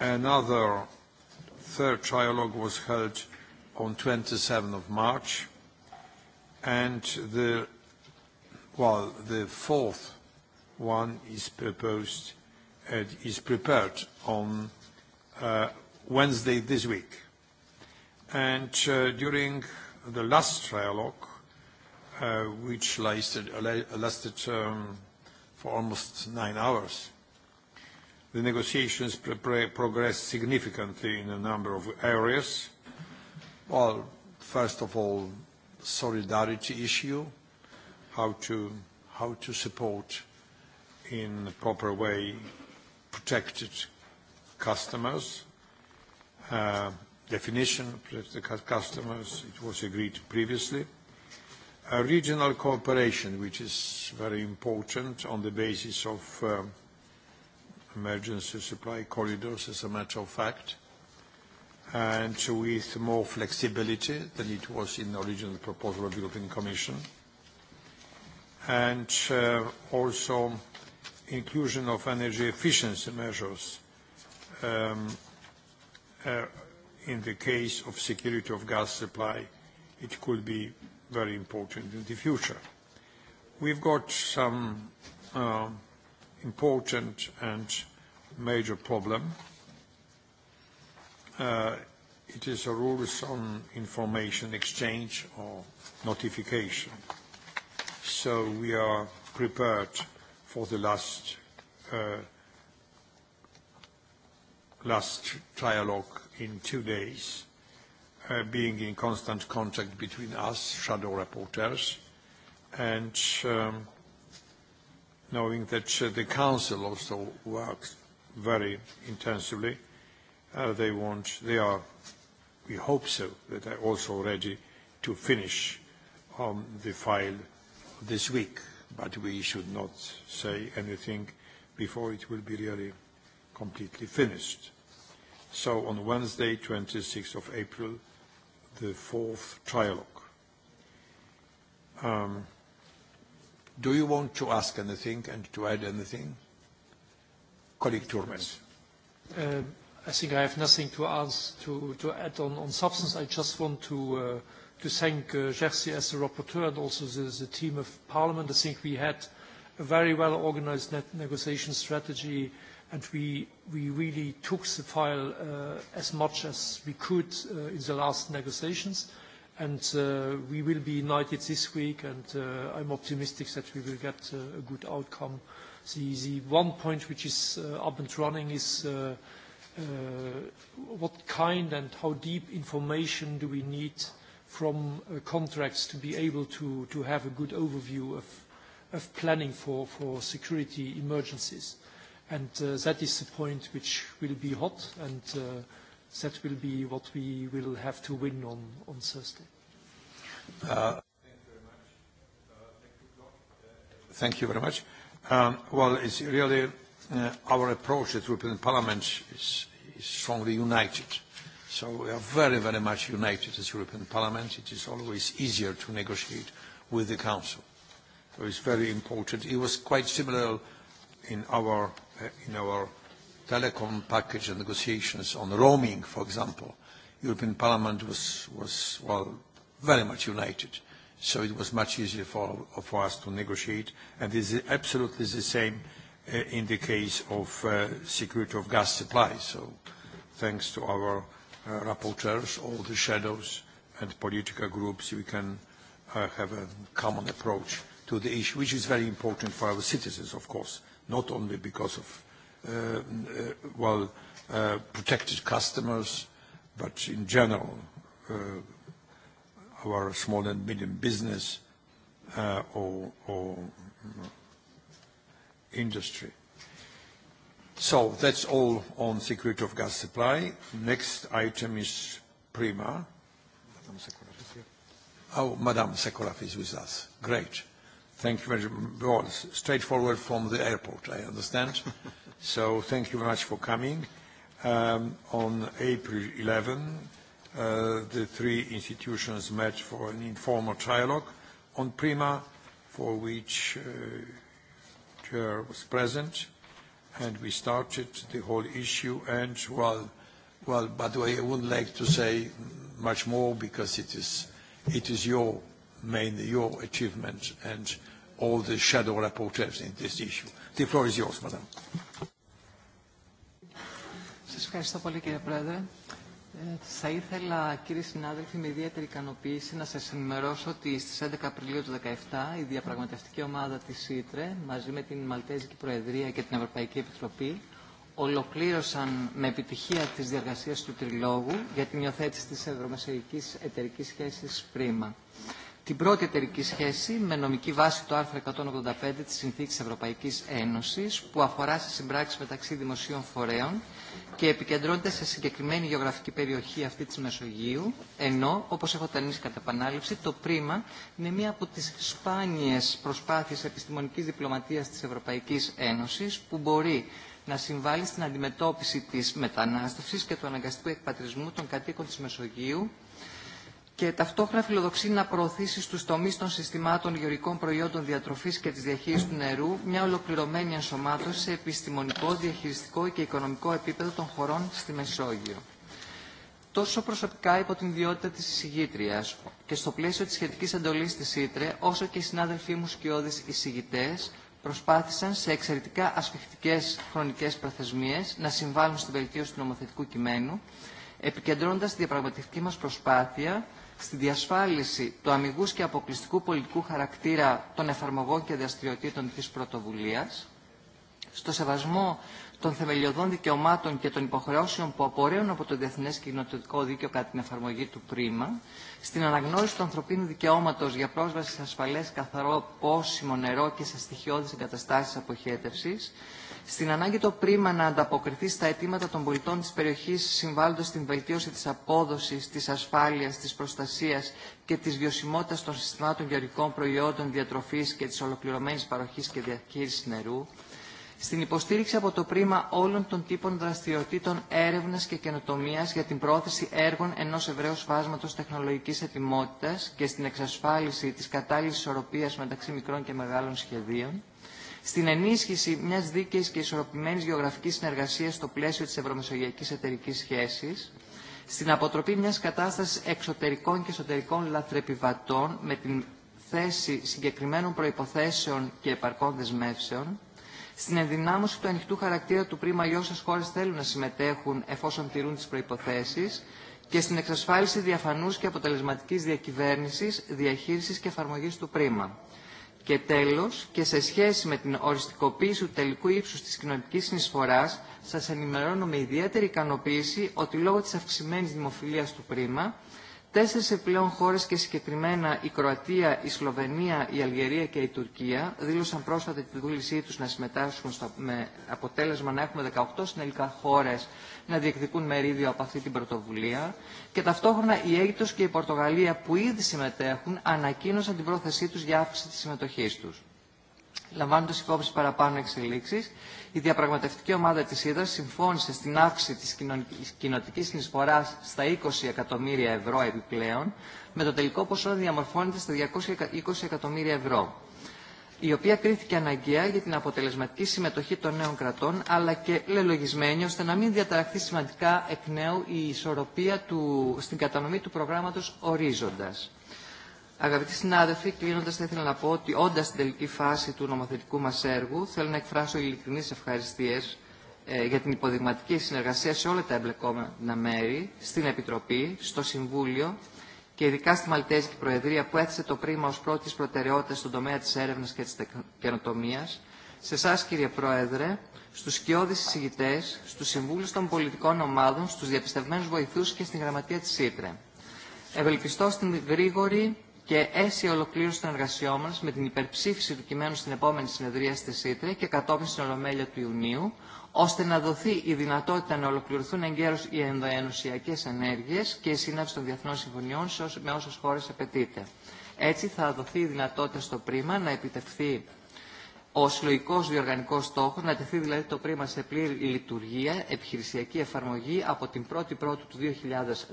Another third trialogue was held on 27 of March, and the, well, the fourth one is proposed, uh, is prepared on uh, Wednesday this week. And uh, during the last trialogue, uh, which lasted, lasted um, for almost nine hours, The negotiations progressed significantly in a number of areas. Well, first of all, solidarity issue, how to, how to support in a proper way protected customers, uh, definition of protected customers, it was agreed previously. Uh, regional cooperation, which is very important on the basis of um, emergency supply corridors, as a matter of fact, and with more flexibility than it was in the original proposal of the European Commission, and uh, also inclusion of energy efficiency measures um, uh, in the case of security of gas supply, it could be very important in the future. We've got some um, uh, important and major problem. Uh, it is a rules on information exchange or notification. So we are prepared for the last uh, last trialogue in two days, uh, being in constant contact between us, shadow rapporteurs, and um, knowing that uh, the council also works very intensively. Uh, they want, they are, we hope so, that are also ready to finish um, the file this week, but we should not say anything before it will be really completely finished. So on Wednesday, 26th of April, the fourth trialogue. Um, Do you want to ask anything and to add anything? Colleague Turmes. Uh, I think I have nothing to, answer, to, to add on, on substance. I just want to, uh, to thank uh, Jerzy as the rapporteur and also the, the team of Parliament. I think we had a very well-organized net negotiation strategy, and we, we really took the file uh, as much as we could uh, in the last negotiations and uh, we will be united this week, and uh, I'm optimistic that we will get uh, a good outcome. The, the one point which is uh, up and running is uh, uh, what kind and how deep information do we need from uh, contracts to be able to, to have a good overview of, of planning for, for security emergencies. And uh, that is the point which will be hot, and uh, that will be what we will have to win on, on Thursday. Uh, uh, thank you very much. Um, well, it's really uh, our approach at European Parliament is, is strongly united. So we are very, very much united as European Parliament. It is always easier to negotiate with the Council. So it's very important. It was quite similar in our, uh, in our telecom package and negotiations on roaming, for example, European Parliament was, was well, very much united. So it was much easier for, for us to negotiate. And this is absolutely the same uh, in the case of uh, security of gas supply. So thanks to our uh, rapporteurs, all the shadows and political groups, we can uh, have a common approach to the issue, which is very important for our citizens, of course, not only because of Uh, uh, well, uh, protected customers, but in general, our small and medium business or, or industry. So that's all on security of gas supply. Next item is Prima. Madame Sekolaf is here. Oh, Madame Sekolaf is with us. Great. Thank you very much. Well, straightforward from the airport, I understand. So thank you very much for coming. Um, on April 11, uh, the three institutions met for an informal trialogue on PRIMA, for which uh, Chair was present, and we started the whole issue. And well, well, by the way, I wouldn't like to say much more because it is, it is your, mainly your achievement and all the shadow rapporteurs in this issue. The floor is yours, madam. Σας ευχαριστώ πολύ κύριε Πρόεδρε. Θα ήθελα, κύριοι συνάδελφοι, με ιδιαίτερη ικανοποίηση να σας ενημερώσω ότι στις 11 Απριλίου του 2017 η διαπραγματευτική ομάδα της ΣΥΤΡΕ μαζί με την Μαλτέζικη Προεδρία και την Ευρωπαϊκή Επιτροπή ολοκλήρωσαν με επιτυχία τις διαργασίες του Τριλόγου για την υιοθέτηση της ευρωμεσαϊκής εταιρικής σχέσης πρίμα την πρώτη εταιρική σχέση με νομική βάση το άρθρο 185 της Συνθήκης Ευρωπαϊκής Ένωσης που αφορά σε συμπράξεις μεταξύ δημοσίων φορέων και επικεντρώνεται σε συγκεκριμένη γεωγραφική περιοχή αυτή της Μεσογείου ενώ, όπως έχω τονίσει κατά επανάληψη, το πρίμα είναι μία από τις σπάνιες προσπάθειες επιστημονικής διπλωματίας της Ευρωπαϊκής Ένωσης που μπορεί να συμβάλλει στην αντιμετώπιση της μετανάστευσης και του αναγκαστικού εκπατρισμού των κατοίκων της Μεσογείου και ταυτόχρονα φιλοδοξεί να προωθήσει στους τομείς των συστημάτων γεωρικών προϊόντων διατροφής και της διαχείρισης του νερού μια ολοκληρωμένη ενσωμάτωση σε επιστημονικό, διαχειριστικό και οικονομικό επίπεδο των χωρών στη Μεσόγειο. Τόσο προσωπικά υπό την ιδιότητα της εισηγήτριας και στο πλαίσιο της σχετικής εντολής της ΣΥΤΡΕ, όσο και οι συνάδελφοί μου σκιώδεις εισηγητές, προσπάθησαν σε εξαιρετικά ασφιχτικές χρονικές προθεσμίες να συμβάλλουν στην βελτίωση του νομοθετικού κειμένου, επικεντρώνοντας τη διαπραγματευτική μας προσπάθεια στη διασφάλιση του αμυγούς και αποκλειστικού πολιτικού χαρακτήρα των εφαρμογών και δραστηριοτήτων της πρωτοβουλίας, στο σεβασμό των θεμελιωδών δικαιωμάτων και των υποχρεώσεων που απορρέουν από το Διεθνές Κοινοτικό Δίκαιο κατά την εφαρμογή του πρίμα, στην αναγνώριση του ανθρωπίνου δικαιώματος για πρόσβαση σε ασφαλές καθαρό πόσιμο νερό και σε στοιχειώδεις εγκαταστάσεις αποχέτευσης, Στην ανάγκη το πρίμα να ανταποκριθεί στα αιτήματα των πολιτών της περιοχής συμβάλλοντας στην βελτίωση της απόδοσης, της ασφάλειας, της προστασίας και της βιωσιμότητας των συστημάτων γεωργικών προϊόντων διατροφής και της ολοκληρωμένης παροχής και διαχείρισης νερού, στην υποστήριξη από το πρίμα όλων των τύπων δραστηριοτήτων έρευνας και καινοτομίας για την πρόθεση έργων ενός ευρέως φάσματος τεχνολογικής ετοιμότητας και στην εξασφάλιση της κατάλληλης ισορροπίας μεταξύ μικρών και μεγάλων σχεδίων, στην ενίσχυση μιας δίκαιης και ισορροπημένης γεωγραφικής συνεργασίας στο πλαίσιο της ευρωμεσογειακής εταιρικής σχέσης, στην αποτροπή μιας κατάστασης εξωτερικών και εσωτερικών λαθρεπιβατών με την θέση συγκεκριμένων προϋποθέσεων και επαρκών δεσμεύσεων, στην ενδυνάμωση του ανοιχτού χαρακτήρα του πρίμα για όσε χώρε θέλουν να συμμετέχουν εφόσον τηρούν τι προποθέσει και στην εξασφάλιση διαφανούς και αποτελεσματικής διακυβέρνησης, διαχείρισης και εφαρμογής του πρίμα. Και τέλος, και σε σχέση με την οριστικοποίηση του τελικού ύψους της κοινωνικής συνεισφοράς, σας ενημερώνω με ιδιαίτερη ικανοποίηση ότι λόγω της αυξημένης δημοφιλίας του πρίμα, Τέσσερις επιπλέον χώρες και συγκεκριμένα η Κροατία, η Σλοβενία, η Αλγερία και η Τουρκία δήλωσαν πρόσφατα τη βούλησή τους να συμμετάσχουν στο, με αποτέλεσμα να έχουμε 18 συνολικά χώρες να διεκδικούν μερίδιο από αυτή την πρωτοβουλία και ταυτόχρονα η Αίγυπτος και η Πορτογαλία που ήδη συμμετέχουν ανακοίνωσαν την πρόθεσή τους για αύξηση της συμμετοχής τους λαμβάνοντα υπόψη παραπάνω εξελίξει, η διαπραγματευτική ομάδα τη ΣΥΔΑ συμφώνησε στην αύξηση τη κοινοτική συνεισφορά στα 20 εκατομμύρια ευρώ επιπλέον, με το τελικό ποσό να διαμορφώνεται στα 220 εκατομμύρια ευρώ, η οποία κρίθηκε αναγκαία για την αποτελεσματική συμμετοχή των νέων κρατών, αλλά και λελογισμένη ώστε να μην διαταραχθεί σημαντικά εκ νέου η ισορροπία του, στην κατανομή του προγράμματο Ορίζοντας. Αγαπητοί συνάδελφοι, κλείνοντα, θα ήθελα να πω ότι όντα στην τελική φάση του νομοθετικού μα έργου, θέλω να εκφράσω ειλικρινεί ευχαριστίε ε, για την υποδειγματική συνεργασία σε όλα τα εμπλεκόμενα μέρη, στην Επιτροπή, στο Συμβούλιο και ειδικά στη Μαλτέζικη Προεδρία που έθεσε το πρίμα ω πρώτη προτεραιότητα στον τομέα τη έρευνα και τη καινοτομία. Σε εσά, κύριε Πρόεδρε, στου σκιώδει εισηγητέ, στου συμβούλου των πολιτικών ομάδων, στου διαπιστευμένου βοηθού και στην γραμματεία τη ΣΥΤΡΕ. Ευελπιστώ στην γρήγορη και αίσια ολοκλήρωση των εργασιών μας με την υπερψήφιση του κειμένου στην επόμενη συνεδρία στη ΣΥΤΡΕ και κατόπιν στην Ολομέλεια του Ιουνίου, ώστε να δοθεί η δυνατότητα να ολοκληρωθούν εγκαίρως οι ενδοενωσιακές ενέργειες και η σύναψη των διεθνών συμφωνιών με όσες χώρες απαιτείται. Έτσι θα δοθεί η δυνατότητα στο πρίμα να επιτευχθεί ο συλλογικό διοργανικό στόχο, να τεθεί δηλαδή το πρίμα σε πλήρη λειτουργία, επιχειρησιακή εφαρμογή από την 1η Πρώτου του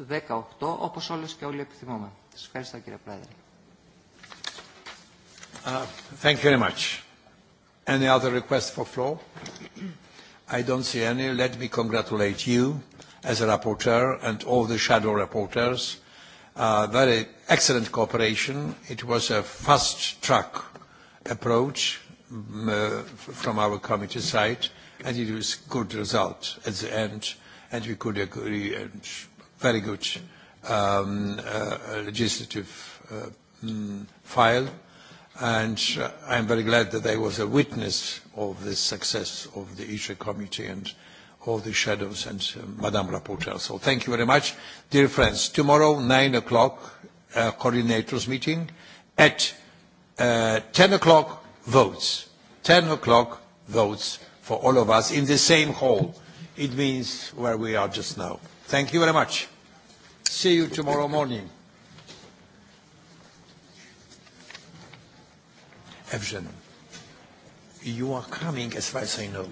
2018, όπω όλε και όλοι επιθυμούμε. Σα ευχαριστώ κύριε Πρόεδρε. Uh, thank you very much. Any other request for floor? I don't see any. Let me congratulate you as a rapporteur and all the shadow rapporteurs. Uh, very excellent cooperation. It was a fast-track approach um, uh, from our committee side, and it was good result at the end, and we could agree and very good um, uh, legislative uh, mm, file And uh, I'm very glad that I was a witness of the success of the ISHA committee and all the shadows and uh, Madame Rapporteur. So thank you very much. Dear friends, tomorrow, 9 o'clock, uh, coordinators meeting. At uh, 10 o'clock, votes. 10 o'clock, votes for all of us in the same hall. It means where we are just now. Thank you very much. See you tomorrow morning. Evgen, you are coming as far as I know.